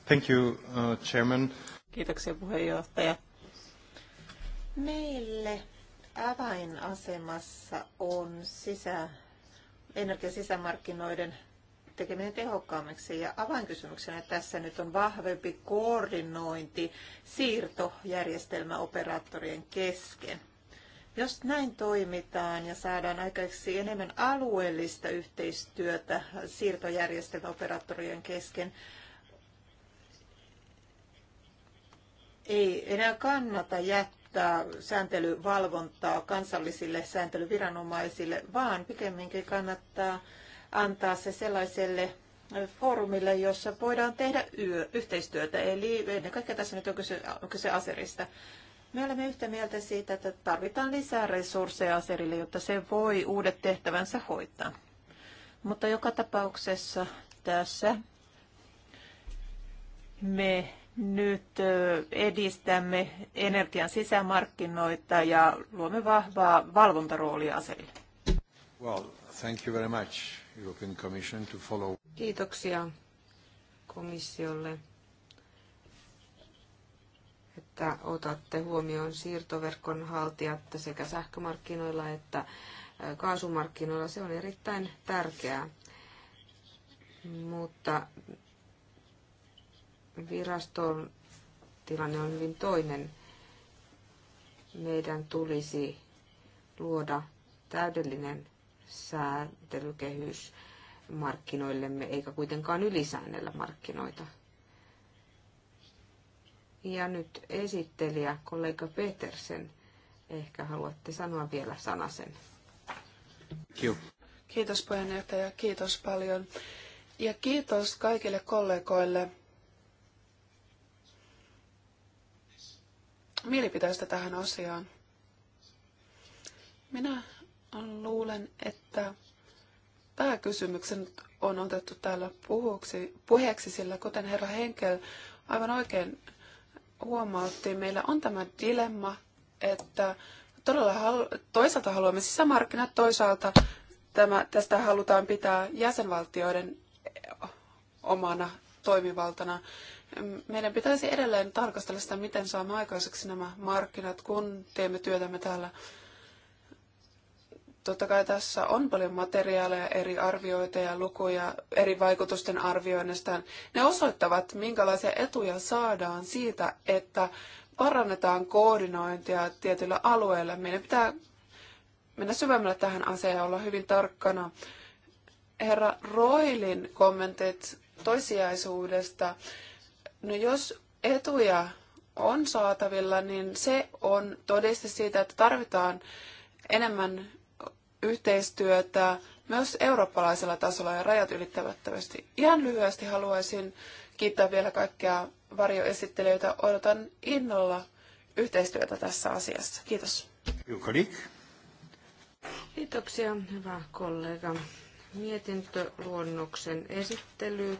Thank you, uh, Chairman. Kiitoksia puheenjohtaja. Meille avainasemassa on sisä, energiasisämarkkinoiden tekeminen tehokkaammaksi. Ja avainkysymyksenä tässä nyt on vahvempi koordinointi siirtojärjestelmäoperaattorien kesken. Jos näin toimitaan ja saadaan aikaiseksi enemmän alueellista yhteistyötä siirtojärjestelmäoperaattorien kesken, ei enää kannata jättää sääntelyvalvontaa kansallisille sääntelyviranomaisille, vaan pikemminkin kannattaa antaa se sellaiselle foorumille, jossa voidaan tehdä yhteistyötä. Eli ennen kaikkea tässä nyt on kyse, on kyse aserista. Me olemme yhtä mieltä siitä, että tarvitaan lisää resursseja aserille, jotta se voi uudet tehtävänsä hoitaa. Mutta joka tapauksessa tässä me nyt edistämme energian sisämarkkinoita ja luomme vahvaa valvontaroolia aserille. Well, Thank you very much, European Commission, to follow. Kiitoksia komissiolle, että otatte huomioon siirtoverkon haltijat sekä sähkömarkkinoilla että kaasumarkkinoilla. Se on erittäin tärkeää. Mutta viraston tilanne on hyvin toinen. Meidän tulisi luoda täydellinen sääntelykehys markkinoillemme, eikä kuitenkaan ylisäännellä markkinoita. Ja nyt esittelijä, kollega Petersen, ehkä haluatte sanoa vielä sanasen. Kiitos, kiitos puheenjohtaja, kiitos paljon. Ja kiitos kaikille kollegoille mielipiteistä tähän asiaan. Minä Luulen, että pääkysymyksen on otettu täällä puhuksi, puheeksi, sillä kuten herra Henkel aivan oikein huomautti, meillä on tämä dilemma, että todella halu- toisaalta haluamme sisämarkkinat, toisaalta tämä, tästä halutaan pitää jäsenvaltioiden omana toimivaltana. Meidän pitäisi edelleen tarkastella sitä, miten saamme aikaiseksi nämä markkinat, kun teemme työtämme täällä Totta kai tässä on paljon materiaaleja, eri arvioita ja lukuja eri vaikutusten arvioinnista. Ne osoittavat, minkälaisia etuja saadaan siitä, että parannetaan koordinointia tietyillä alueilla. Meidän pitää mennä syvemmälle tähän asiaan ja olla hyvin tarkkana. Herra Roilin kommentit toisiaisuudesta. No jos etuja on saatavilla, niin se on todiste siitä, että tarvitaan enemmän yhteistyötä myös eurooppalaisella tasolla ja rajat ylittävättävästi. Ihan lyhyesti haluaisin kiittää vielä kaikkia varjoesittelijöitä. Odotan innolla yhteistyötä tässä asiassa. Kiitos. Kiitoksia, hyvä kollega. Mietintöluonnoksen esittely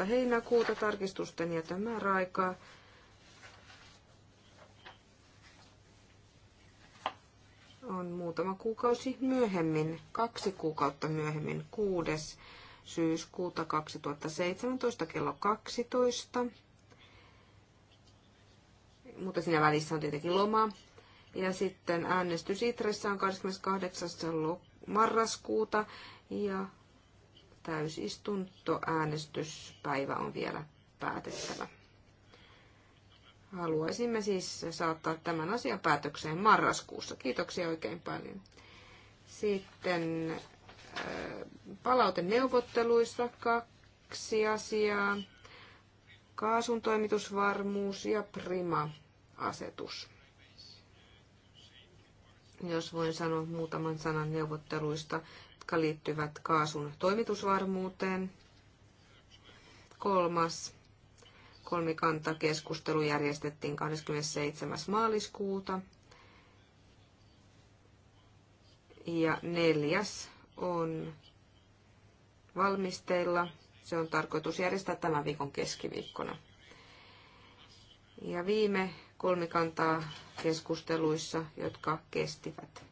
10.11. heinäkuuta tarkistusten ja tämä aikaa. on muutama kuukausi myöhemmin, kaksi kuukautta myöhemmin, 6. syyskuuta 2017 kello 12. Mutta siinä välissä on tietenkin loma. Ja sitten äänestys Itressä on 28. marraskuuta ja täysistuntoäänestyspäivä on vielä päätettävä. Haluaisimme siis saattaa tämän asian päätökseen marraskuussa. Kiitoksia oikein paljon. Sitten äh, palauteneuvotteluissa kaksi asiaa. Kaasun toimitusvarmuus ja Prima-asetus. Jos voin sanoa muutaman sanan neuvotteluista, jotka liittyvät kaasun toimitusvarmuuteen. Kolmas Kolmikantakeskustelu järjestettiin 27. maaliskuuta. Ja neljäs on valmisteilla. Se on tarkoitus järjestää tämän viikon keskiviikkona. Ja viime kolmikantaa keskusteluissa, jotka kestivät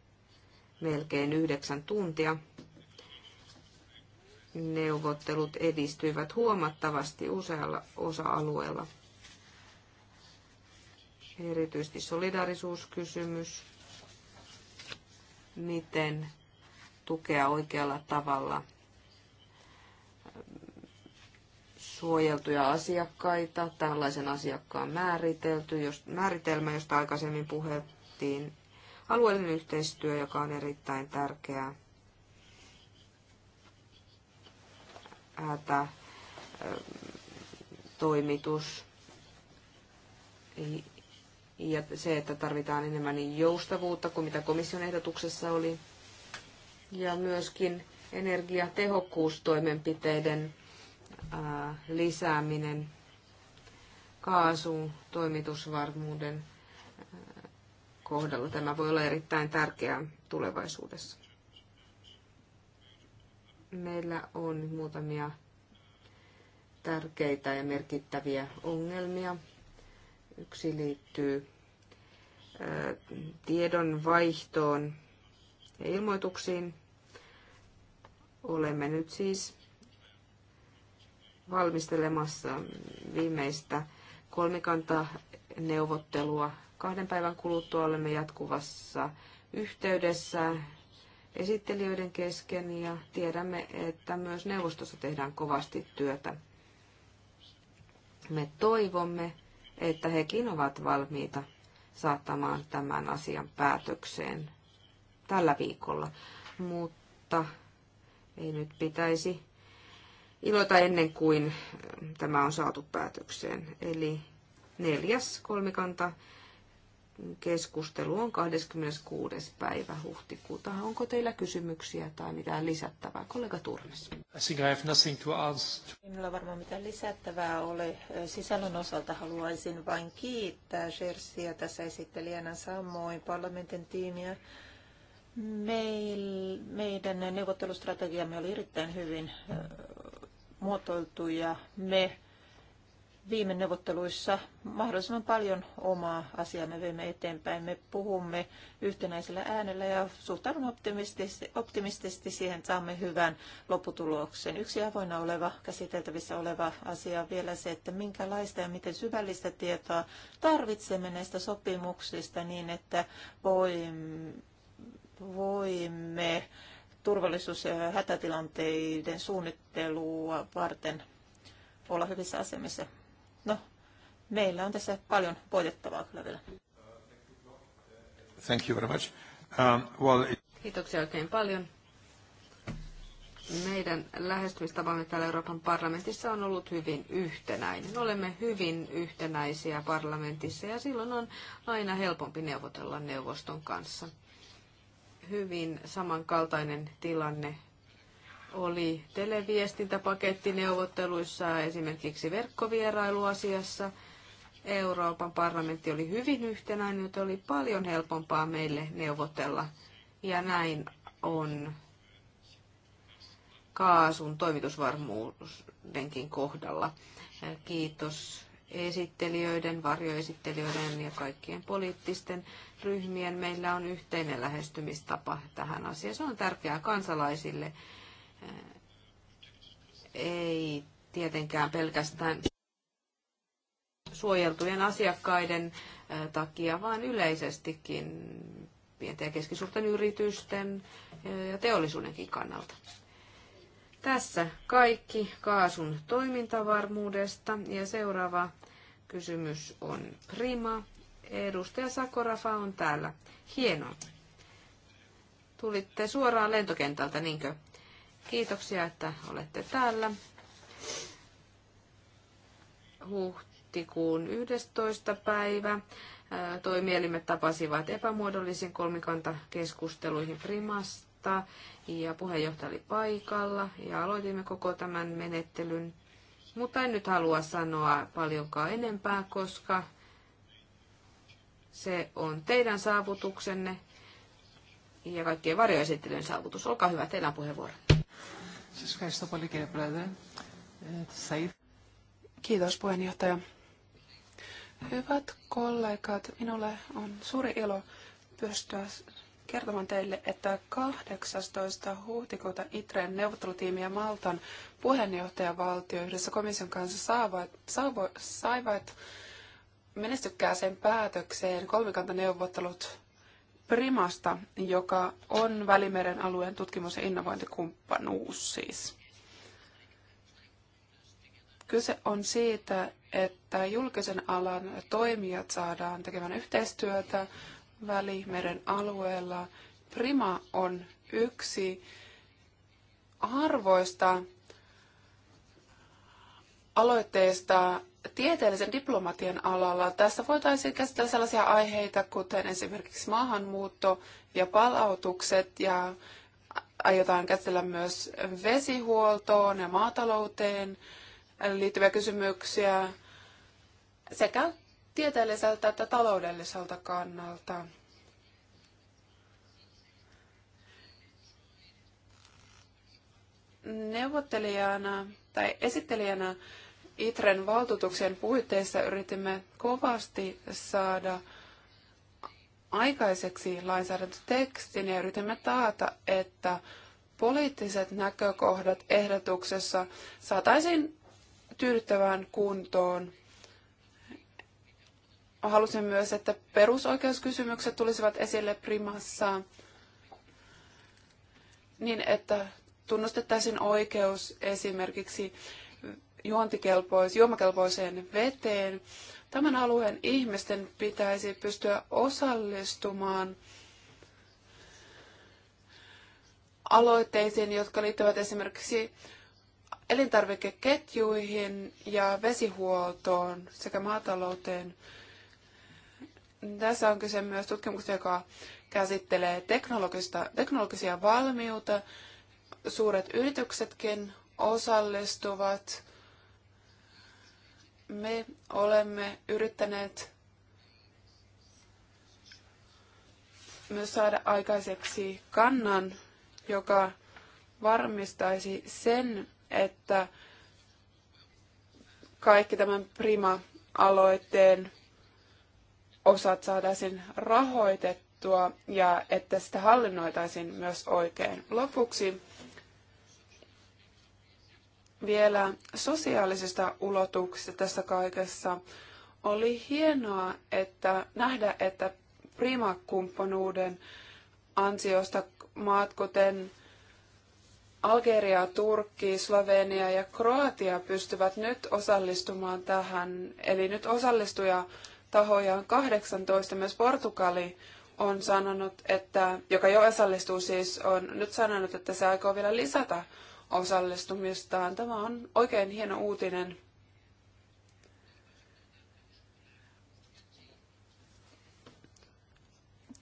melkein yhdeksän tuntia, neuvottelut edistyivät huomattavasti usealla osa-alueella. Erityisesti solidarisuuskysymys, miten tukea oikealla tavalla suojeltuja asiakkaita, tällaisen asiakkaan määritelty, jos, määritelmä, josta aikaisemmin puhuttiin, alueellinen yhteistyö, joka on erittäin tärkeää toimitus ja se, että tarvitaan enemmän niin joustavuutta kuin mitä komission ehdotuksessa oli. Ja myöskin energiatehokkuustoimenpiteiden lisääminen kaasun toimitusvarmuuden kohdalla. Tämä voi olla erittäin tärkeää tulevaisuudessa meillä on muutamia tärkeitä ja merkittäviä ongelmia. Yksi liittyy tiedon vaihtoon ja ilmoituksiin. Olemme nyt siis valmistelemassa viimeistä kolmikanta-neuvottelua. Kahden päivän kuluttua olemme jatkuvassa yhteydessä esittelijöiden kesken ja tiedämme, että myös neuvostossa tehdään kovasti työtä. Me toivomme, että hekin ovat valmiita saattamaan tämän asian päätökseen tällä viikolla, mutta ei nyt pitäisi iloita ennen kuin tämä on saatu päätökseen. Eli neljäs kolmikanta keskustelu on 26. päivä huhtikuuta. Onko teillä kysymyksiä tai mitään lisättävää? Kollega Turmes. I think I have nothing to ask. Minulla varmaan mitään lisättävää ole. Sisällön osalta haluaisin vain kiittää Jerssiä tässä esittelijänä samoin parlamentin tiimiä. Meil, meidän neuvottelustrategiamme oli erittäin hyvin muotoiltu ja me viime neuvotteluissa mahdollisimman paljon omaa asiaa me viemme eteenpäin. Me puhumme yhtenäisellä äänellä ja suhtaudun optimistisesti, optimistisesti siihen, että saamme hyvän lopputuloksen. Yksi avoinna oleva, käsiteltävissä oleva asia on vielä se, että minkälaista ja miten syvällistä tietoa tarvitsemme näistä sopimuksista niin, että voimme turvallisuus- ja hätätilanteiden suunnittelua varten olla hyvissä asemissa. No, meillä on tässä paljon voitettavaa kyllä vielä. Thank you very much. Um, well, it... Kiitoksia oikein paljon. Meidän lähestymistavamme täällä Euroopan parlamentissa on ollut hyvin yhtenäinen. Olemme hyvin yhtenäisiä parlamentissa ja silloin on aina helpompi neuvotella neuvoston kanssa. Hyvin samankaltainen tilanne oli televiestintäpaketti neuvotteluissa esimerkiksi verkkovierailuasiassa. Euroopan parlamentti oli hyvin yhtenäinen, joten oli paljon helpompaa meille neuvotella. Ja näin on kaasun toimitusvarmuudenkin kohdalla. Kiitos esittelijöiden, varjoesittelijöiden ja kaikkien poliittisten ryhmien. Meillä on yhteinen lähestymistapa tähän asiaan. Se on tärkeää kansalaisille ei tietenkään pelkästään suojeltujen asiakkaiden takia, vaan yleisestikin pienten ja keskisuurten yritysten ja teollisuudenkin kannalta. Tässä kaikki kaasun toimintavarmuudesta ja seuraava kysymys on Prima. Edustaja Sakorafa on täällä. Hienoa. Tulitte suoraan lentokentältä, niinkö? Kiitoksia, että olette täällä. Huhtikuun 11. päivä toimielimet tapasivat epämuodollisiin kolmikantakeskusteluihin primasta ja puheenjohtaja oli paikalla ja aloitimme koko tämän menettelyn. Mutta en nyt halua sanoa paljonkaan enempää, koska se on teidän saavutuksenne ja kaikkien varjoesittelyjen saavutus. Olkaa hyvä, teillä puheenvuoro. Ευχαριστώ πολύ κύριε Πρόεδρε. Kiitos puheenjohtaja. Hyvät kollegat, minulle on suuri ilo pystyä kertomaan teille, että 18. huhtikuuta ITREn neuvottelutiimi ja Maltan puheenjohtajavaltio yhdessä komission kanssa saavat, saivat menestykkääseen päätökseen kolmikantaneuvottelut Primasta, joka on Välimeren alueen tutkimus- ja innovointikumppanuus siis. Kyse on siitä, että julkisen alan toimijat saadaan tekemään yhteistyötä Välimeren alueella. Prima on yksi harvoista aloitteista, tieteellisen diplomatian alalla. Tässä voitaisiin käsitellä sellaisia aiheita, kuten esimerkiksi maahanmuutto ja palautukset ja aiotaan käsitellä myös vesihuoltoon ja maatalouteen liittyviä kysymyksiä sekä tieteelliseltä että taloudelliselta kannalta. Neuvottelijana tai esittelijänä ITREN valtuutuksen puitteissa yritimme kovasti saada aikaiseksi lainsäädäntötekstin ja yritimme taata, että poliittiset näkökohdat ehdotuksessa saataisiin tyydyttävään kuntoon. Halusin myös, että perusoikeuskysymykset tulisivat esille primassa niin, että tunnustettaisiin oikeus esimerkiksi juontikelpois, juomakelpoiseen veteen. Tämän alueen ihmisten pitäisi pystyä osallistumaan aloitteisiin, jotka liittyvät esimerkiksi elintarvikeketjuihin ja vesihuoltoon sekä maatalouteen. Tässä on kyse myös tutkimuksesta, joka käsittelee teknologista, teknologisia valmiuta. Suuret yrityksetkin osallistuvat me olemme yrittäneet myös saada aikaiseksi kannan, joka varmistaisi sen, että kaikki tämän Prima-aloitteen osat saataisiin rahoitettua ja että sitä hallinnoitaisiin myös oikein. Lopuksi vielä sosiaalisesta ulotuksesta tässä kaikessa. Oli hienoa että nähdä, että primakumppanuuden ansiosta maat kuten Algeria, Turkki, Slovenia ja Kroatia pystyvät nyt osallistumaan tähän. Eli nyt osallistuja tahoja on 18. Myös Portugali on sanonut, että, joka jo osallistuu siis, on nyt sanonut, että se aikoo vielä lisätä osallistumistaan. Tämä on oikein hieno uutinen.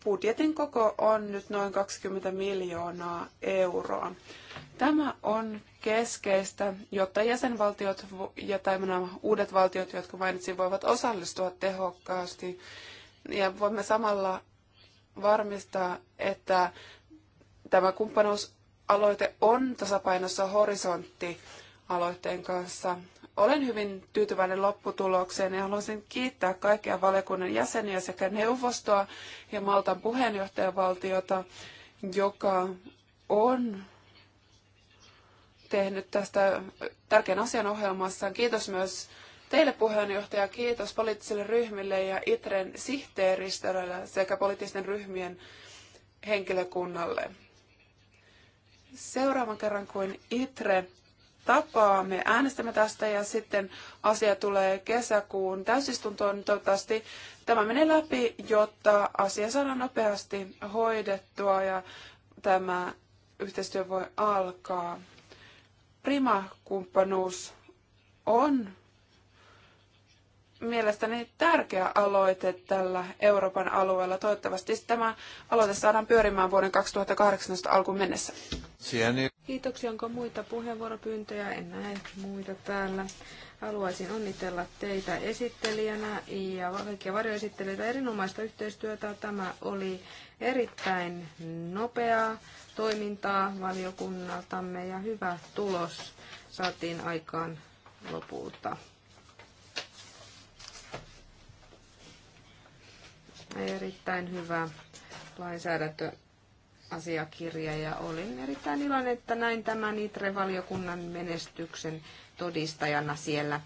Budjetin koko on nyt noin 20 miljoonaa euroa. Tämä on keskeistä, jotta jäsenvaltiot ja tai nämä uudet valtiot, jotka mainitsin, voivat osallistua tehokkaasti. Ja voimme samalla varmistaa, että tämä kumppanuus aloite on tasapainossa horisontti aloitteen kanssa. Olen hyvin tyytyväinen lopputulokseen ja haluaisin kiittää kaikkia valiokunnan jäseniä sekä neuvostoa ja Maltan puheenjohtajavaltiota, joka on tehnyt tästä tärkeän asian ohjelmassaan. Kiitos myös teille puheenjohtaja, kiitos poliittisille ryhmille ja ITREn sihteeristölle sekä poliittisten ryhmien henkilökunnalle. Seuraavan kerran, kun ITRE tapaa, me äänestämme tästä ja sitten asia tulee kesäkuun täysistuntoon. Toivottavasti tämä menee läpi, jotta asia saadaan nopeasti hoidettua ja tämä yhteistyö voi alkaa. Prima-kumppanuus on mielestäni tärkeä aloite tällä Euroopan alueella. Toivottavasti tämä aloite saadaan pyörimään vuoden 2018 alkuun mennessä. Sieni. Kiitoksia. Onko muita puheenvuoropyyntöjä? En näe muita täällä. Haluaisin onnitella teitä esittelijänä ja kaikkia varjoesittelijöitä erinomaista yhteistyötä. Tämä oli erittäin nopeaa toimintaa valiokunnaltamme ja hyvä tulos saatiin aikaan lopulta. erittäin hyvä lainsäädäntöasiakirja ja olin erittäin iloinen, että näin tämän ITRE-valiokunnan menestyksen todistajana siellä.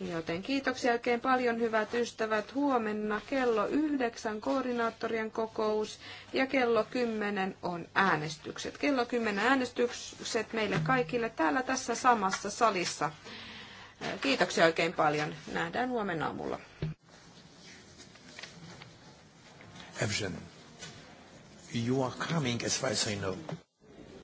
Joten kiitoksia oikein paljon hyvät ystävät. Huomenna kello yhdeksän koordinaattorien kokous ja kello kymmenen on äänestykset. Kello kymmenen äänestykset meille kaikille täällä tässä samassa salissa. Kiitoksia oikein paljon. Nähdään huomenna aamulla. Evgen, you are coming as far as I know.